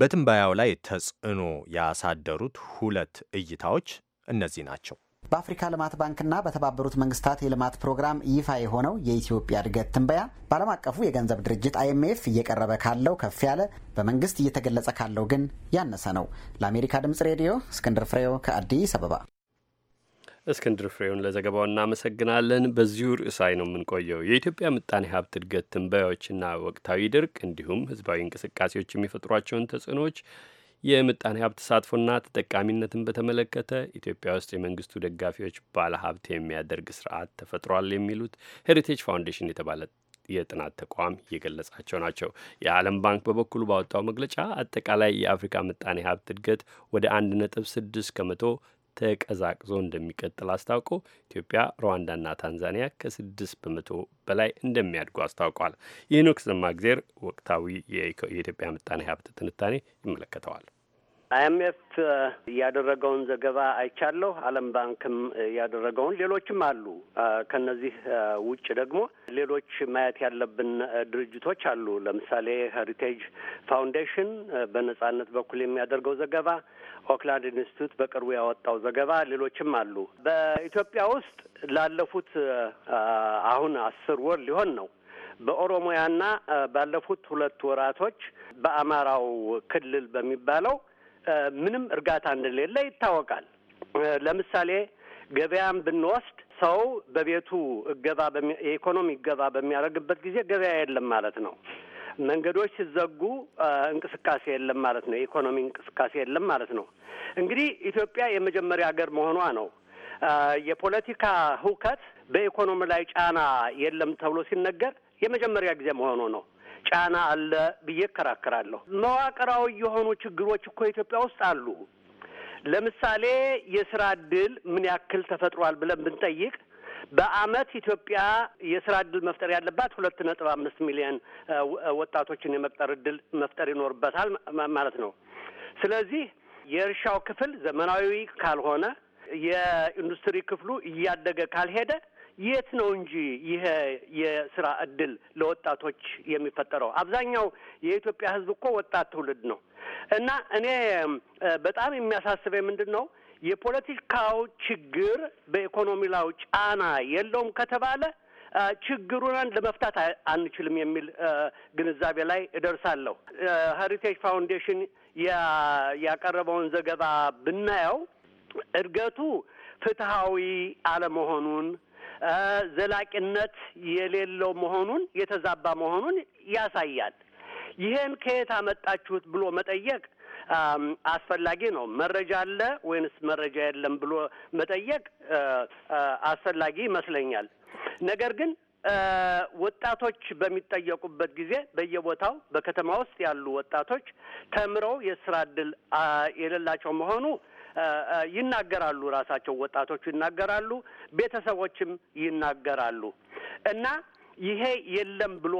በትንባያው ላይ ተጽዕኖ ያሳደሩት ሁለት እይታዎች እነዚህ ናቸው። በአፍሪካ ልማት ባንክና በተባበሩት መንግስታት የልማት ፕሮግራም ይፋ የሆነው የኢትዮጵያ እድገት ትንበያ በዓለም አቀፉ የገንዘብ ድርጅት አይኤምኤፍ እየቀረበ ካለው ከፍ ያለ በመንግስት እየተገለጸ ካለው ግን ያነሰ ነው። ለአሜሪካ ድምጽ ሬዲዮ እስክንድር ፍሬው ከአዲስ አበባ። እስክንድር ፍሬውን ለዘገባው እናመሰግናለን። በዚሁ ርዕስ ላይ ነው የምንቆየው። የኢትዮጵያ ምጣኔ ሀብት እድገት ትንበያዎችና ወቅታዊ ድርቅ እንዲሁም ህዝባዊ እንቅስቃሴዎች የሚፈጥሯቸውን ተጽዕኖዎች የምጣኔ ሀብት ተሳትፎና ተጠቃሚነትን በተመለከተ ኢትዮጵያ ውስጥ የመንግስቱ ደጋፊዎች ባለሀብት የሚያደርግ ስርዓት ተፈጥሯል የሚሉት ሄሪቴጅ ፋውንዴሽን የተባለ የጥናት ተቋም የገለጻቸው ናቸው። የዓለም ባንክ በበኩሉ ባወጣው መግለጫ አጠቃላይ የአፍሪካ ምጣኔ ሀብት እድገት ወደ አንድ ነጥብ ስድስት ከመቶ ተቀዛቅዞ እንደሚቀጥል አስታውቆ ኢትዮጵያ፣ ሩዋንዳና ታንዛኒያ ከስድስት በመቶ በላይ እንደሚያድጉ አስታውቋል። ዘማ ጊዜር ወቅታዊ የኢትዮጵያ ምጣኔ ሀብት ትንታኔ ይመለከተዋል። አይኤምኤፍ ያደረገውን ዘገባ አይቻለሁ። ዓለም ባንክም ያደረገውን ሌሎችም አሉ። ከነዚህ ውጭ ደግሞ ሌሎች ማየት ያለብን ድርጅቶች አሉ። ለምሳሌ ሄሪቴጅ ፋውንዴሽን በነጻነት በኩል የሚያደርገው ዘገባ፣ ኦክላንድ ኢንስቲትዩት በቅርቡ ያወጣው ዘገባ፣ ሌሎችም አሉ። በኢትዮጵያ ውስጥ ላለፉት አሁን አስር ወር ሊሆን ነው በኦሮሞያና ባለፉት ሁለት ወራቶች በአማራው ክልል በሚባለው ምንም እርጋታ እንደሌለ ይታወቃል። ለምሳሌ ገበያን ብንወስድ ሰው በቤቱ እገባ የኢኮኖሚ እገባ በሚያደርግበት ጊዜ ገበያ የለም ማለት ነው። መንገዶች ሲዘጉ እንቅስቃሴ የለም ማለት ነው። የኢኮኖሚ እንቅስቃሴ የለም ማለት ነው። እንግዲህ ኢትዮጵያ የመጀመሪያ ሀገር መሆኗ ነው። የፖለቲካ ህውከት በኢኮኖሚ ላይ ጫና የለም ተብሎ ሲነገር የመጀመሪያ ጊዜ መሆኑ ነው። ጫና አለ ብዬ እከራከራለሁ። መዋቅራዊ የሆኑ ችግሮች እኮ ኢትዮጵያ ውስጥ አሉ። ለምሳሌ የስራ እድል ምን ያክል ተፈጥሯል ብለን ብንጠይቅ በአመት ኢትዮጵያ የስራ እድል መፍጠር ያለባት ሁለት ነጥብ አምስት ሚሊዮን ወጣቶችን የመቅጠር እድል መፍጠር ይኖርበታል ማለት ነው። ስለዚህ የእርሻው ክፍል ዘመናዊ ካልሆነ፣ የኢንዱስትሪ ክፍሉ እያደገ ካልሄደ የት ነው እንጂ ይሄ የስራ እድል ለወጣቶች የሚፈጠረው? አብዛኛው የኢትዮጵያ ህዝብ እኮ ወጣት ትውልድ ነው እና እኔ በጣም የሚያሳስበኝ ምንድን ነው የፖለቲካው ችግር በኢኮኖሚ ላው ጫና የለውም ከተባለ ችግሩን ለመፍታት አንችልም የሚል ግንዛቤ ላይ እደርሳለሁ። ሄሪቴጅ ፋውንዴሽን ያቀረበውን ዘገባ ብናየው እድገቱ ፍትሐዊ አለመሆኑን ዘላቂነት የሌለው መሆኑን የተዛባ መሆኑን ያሳያል። ይህን ከየት አመጣችሁት ብሎ መጠየቅ አስፈላጊ ነው። መረጃ አለ ወይንስ መረጃ የለም ብሎ መጠየቅ አስፈላጊ ይመስለኛል። ነገር ግን ወጣቶች በሚጠየቁበት ጊዜ በየቦታው በከተማ ውስጥ ያሉ ወጣቶች ተምረው የስራ እድል የሌላቸው መሆኑ ይናገራሉ። ራሳቸው ወጣቶቹ ይናገራሉ፣ ቤተሰቦችም ይናገራሉ እና ይሄ የለም ብሎ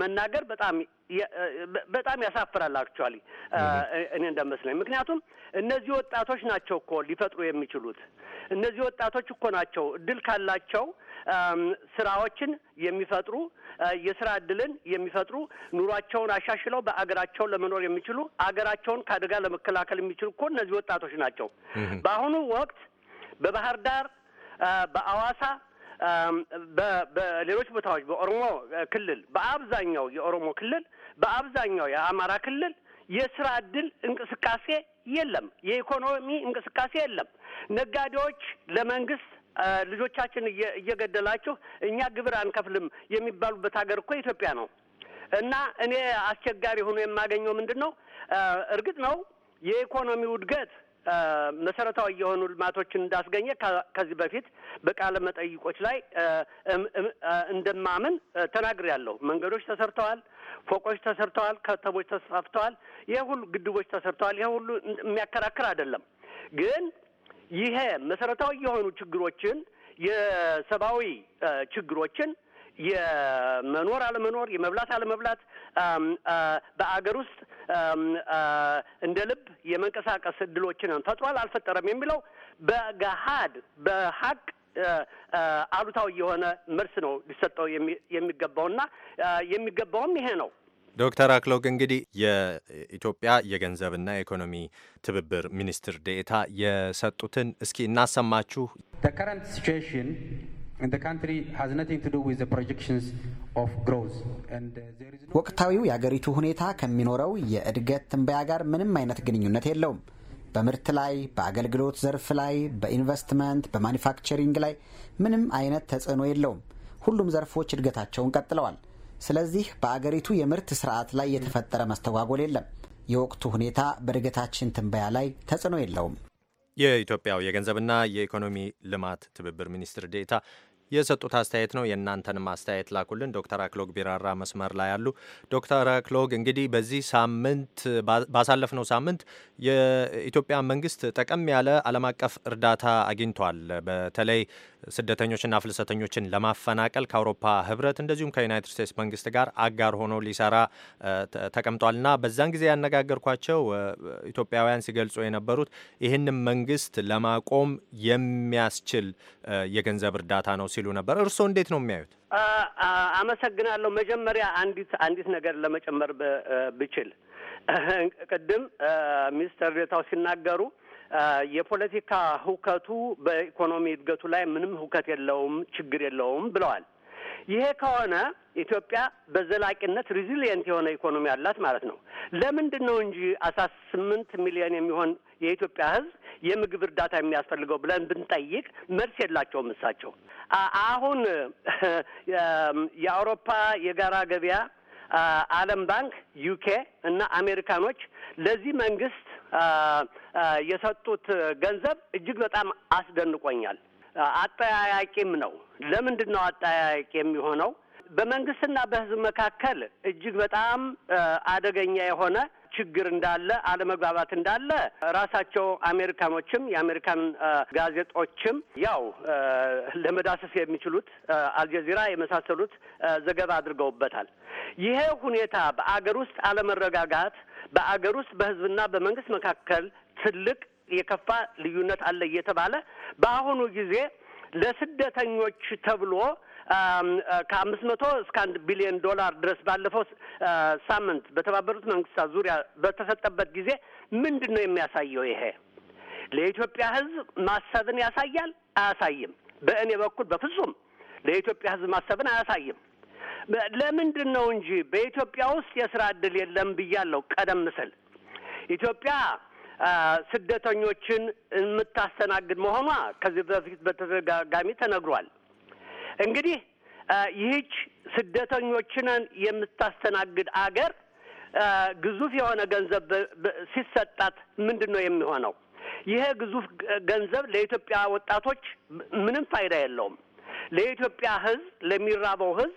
መናገር በጣም በጣም ያሳፍራል። አክቹዋሊ እኔ እንደመስለኝ ምክንያቱም እነዚህ ወጣቶች ናቸው እኮ ሊፈጥሩ የሚችሉት እነዚህ ወጣቶች እኮ ናቸው እድል ካላቸው ስራዎችን የሚፈጥሩ የስራ እድልን የሚፈጥሩ ኑሯቸውን አሻሽለው በአገራቸው ለመኖር የሚችሉ አገራቸውን ከአደጋ ለመከላከል የሚችሉ እኮ እነዚህ ወጣቶች ናቸው። በአሁኑ ወቅት በባህር ዳር፣ በአዋሳ በሌሎች ቦታዎች በኦሮሞ ክልል በአብዛኛው የኦሮሞ ክልል በአብዛኛው የአማራ ክልል የስራ እድል እንቅስቃሴ የለም። የኢኮኖሚ እንቅስቃሴ የለም። ነጋዴዎች ለመንግስት ልጆቻችን እየገደላችሁ እኛ ግብር አንከፍልም የሚባሉበት ሀገር እኮ ኢትዮጵያ ነው። እና እኔ አስቸጋሪ ሆኖ የማገኘው ምንድን ነው? እርግጥ ነው የኢኮኖሚው እድገት መሰረታዊ የሆኑ ልማቶችን እንዳስገኘ ከዚህ በፊት በቃለ መጠይቆች ላይ እንደማምን ተናግሬያለሁ። መንገዶች ተሰርተዋል፣ ፎቆች ተሰርተዋል፣ ከተሞች ተስፋፍተዋል፣ ይህ ሁሉ ግድቦች ተሰርተዋል። ይህ ሁሉ የሚያከራክር አይደለም። ግን ይሄ መሰረታዊ የሆኑ ችግሮችን የሰብአዊ ችግሮችን የመኖር አለመኖር፣ የመብላት አለመብላት፣ በአገር ውስጥ እንደ ልብ የመንቀሳቀስ እድሎችን ፈጥሯል አልፈጠረም የሚለው በገሀድ በሀቅ አሉታዊ የሆነ መልስ ነው ሊሰጠው የሚገባውና የሚገባውም ይሄ ነው። ዶክተር አክሎግ እንግዲህ የኢትዮጵያ የገንዘብና የኢኮኖሚ ትብብር ሚኒስትር ዴኤታ የሰጡትን እስኪ እናሰማችሁ። ወቅታዊው የአገሪቱ ሁኔታ ከሚኖረው የእድገት ትንበያ ጋር ምንም አይነት ግንኙነት የለውም። በምርት ላይ፣ በአገልግሎት ዘርፍ ላይ፣ በኢንቨስትመንት፣ በማኒፋክቸሪንግ ላይ ምንም አይነት ተጽዕኖ የለውም። ሁሉም ዘርፎች እድገታቸውን ቀጥለዋል። ስለዚህ በአገሪቱ የምርት ስርዓት ላይ የተፈጠረ መስተጓጎል የለም። የወቅቱ ሁኔታ በእድገታችን ትንበያ ላይ ተጽዕኖ የለውም። የኢትዮጵያው የገንዘብና የኢኮኖሚ ልማት ትብብር ሚኒስትር ዴታ የሰጡት አስተያየት ነው። የእናንተንም አስተያየት ላኩልን። ዶክተር አክሎግ ቢራራ መስመር ላይ አሉ ዶክተር አክሎግ እንግዲህ በዚህ ሳምንት ባሳለፍነው ሳምንት የኢትዮጵያ መንግስት ጠቀም ያለ ዓለም አቀፍ እርዳታ አግኝቷል። በተለይ ስደተኞችና ፍልሰተኞችን ለማፈናቀል ከአውሮፓ ህብረት እንደዚሁም ከዩናይትድ ስቴትስ መንግስት ጋር አጋር ሆኖ ሊሰራ ተቀምጧልና በዛን ጊዜ ያነጋገርኳቸው ኢትዮጵያውያን ሲገልጹ የነበሩት ይህንም መንግስት ለማቆም የሚያስችል የገንዘብ እርዳታ ነው ሲሉ ነበር። እርስዎ እንዴት ነው የሚያዩት? አመሰግናለሁ። መጀመሪያ አንዲት አንዲት ነገር ለመጨመር ብችል ቅድም ሚኒስትር ዴኤታው ሲናገሩ የፖለቲካ ህውከቱ በኢኮኖሚ እድገቱ ላይ ምንም ህውከት የለውም፣ ችግር የለውም ብለዋል። ይሄ ከሆነ ኢትዮጵያ በዘላቂነት ሪዚሊየንት የሆነ ኢኮኖሚ አላት ማለት ነው። ለምንድን ነው እንጂ አስራ ስምንት ሚሊዮን የሚሆን የኢትዮጵያ ሕዝብ የምግብ እርዳታ የሚያስፈልገው ብለን ብንጠይቅ መልስ የላቸውም እሳቸው። አሁን የአውሮፓ የጋራ ገበያ ዓለም ባንክ፣ ዩኬ እና አሜሪካኖች ለዚህ መንግስት የሰጡት ገንዘብ እጅግ በጣም አስደንቆኛል። አጠያያቂም ነው። ለምንድን ነው አጠያያቂ የሚሆነው? በመንግስትና በህዝብ መካከል እጅግ በጣም አደገኛ የሆነ ችግር እንዳለ አለመግባባት እንዳለ ራሳቸው አሜሪካኖችም የአሜሪካን ጋዜጦችም ያው ለመዳሰስ የሚችሉት አልጀዚራ የመሳሰሉት ዘገባ አድርገውበታል። ይሄ ሁኔታ በአገር ውስጥ አለመረጋጋት በአገር ውስጥ በህዝብና በመንግስት መካከል ትልቅ የከፋ ልዩነት አለ እየተባለ በአሁኑ ጊዜ ለስደተኞች ተብሎ ከአምስት መቶ እስከ አንድ ቢሊዮን ዶላር ድረስ ባለፈው ሳምንት በተባበሩት መንግስታት ዙሪያ በተሰጠበት ጊዜ ምንድን ነው የሚያሳየው? ይሄ ለኢትዮጵያ ሕዝብ ማሰብን ያሳያል አያሳይም? በእኔ በኩል በፍጹም ለኢትዮጵያ ሕዝብ ማሰብን አያሳይም። ለምንድን ነው እንጂ በኢትዮጵያ ውስጥ የስራ ዕድል የለም ብያለሁ ቀደም ስል ኢትዮጵያ ስደተኞችን የምታስተናግድ መሆኗ ከዚህ በፊት በተደጋጋሚ ተነግሯል። እንግዲህ ይህች ስደተኞችን የምታስተናግድ አገር ግዙፍ የሆነ ገንዘብ ሲሰጣት ምንድን ነው የሚሆነው? ይሄ ግዙፍ ገንዘብ ለኢትዮጵያ ወጣቶች ምንም ፋይዳ የለውም። ለኢትዮጵያ ሕዝብ፣ ለሚራበው ሕዝብ፣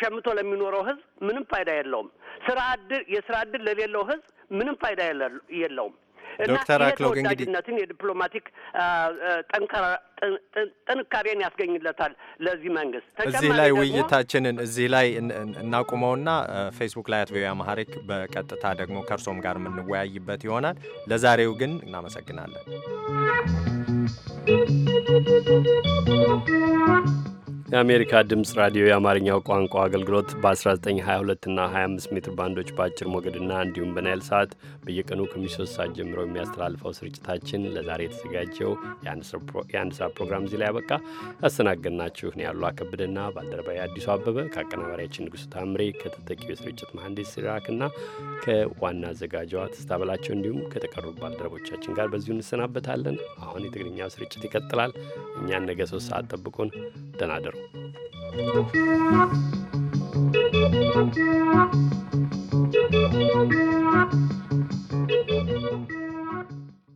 ሸምቶ ለሚኖረው ሕዝብ ምንም ፋይዳ የለውም። ስራ እድል የስራ እድል ለሌለው ሕዝብ ምንም ፋይዳ የለውም። ዶክተር አክሎግ እንግዲህ የዲፕሎማቲክ ጠንካራ ጥንካሬን ያስገኝለታል ለዚህ መንግስት። እዚህ ላይ ውይይታችንን እዚህ ላይ እናቁመውና ፌስቡክ ላይ አት ቪኦኤ አማሪክ በቀጥታ ደግሞ ከእርሶም ጋር የምንወያይበት ይሆናል። ለዛሬው ግን እናመሰግናለን። የአሜሪካ ድምፅ ራዲዮ የአማርኛው ቋንቋ አገልግሎት በ1922 እና 25 ሜትር ባንዶች በአጭር ሞገድና እንዲሁም በናይል ሰዓት በየቀኑ ከሚሶስት ሰዓት ጀምሮ የሚያስተላልፈው ስርጭታችን ለዛሬ የተዘጋጀው የአንድ ሰዓት ፕሮግራም እዚህ ላይ ያበቃ። ያስተናገድናችሁ እኔ ያሉ አከብድና ባልደረባዊ አዲሱ አበበ ከአቀናባሪያችን ንጉሥ ታምሬ ከተጠቂው የስርጭት መሐንዲስ ሲራክና ከዋና አዘጋጇ ትስታበላቸው እንዲሁም ከተቀሩ ባልደረቦቻችን ጋር በዚሁ እንሰናበታለን። አሁን የትግርኛው ስርጭት ይቀጥላል። እኛን ነገ ሶስት ሰዓት ጠብቁን። ደናደሩ Thank you.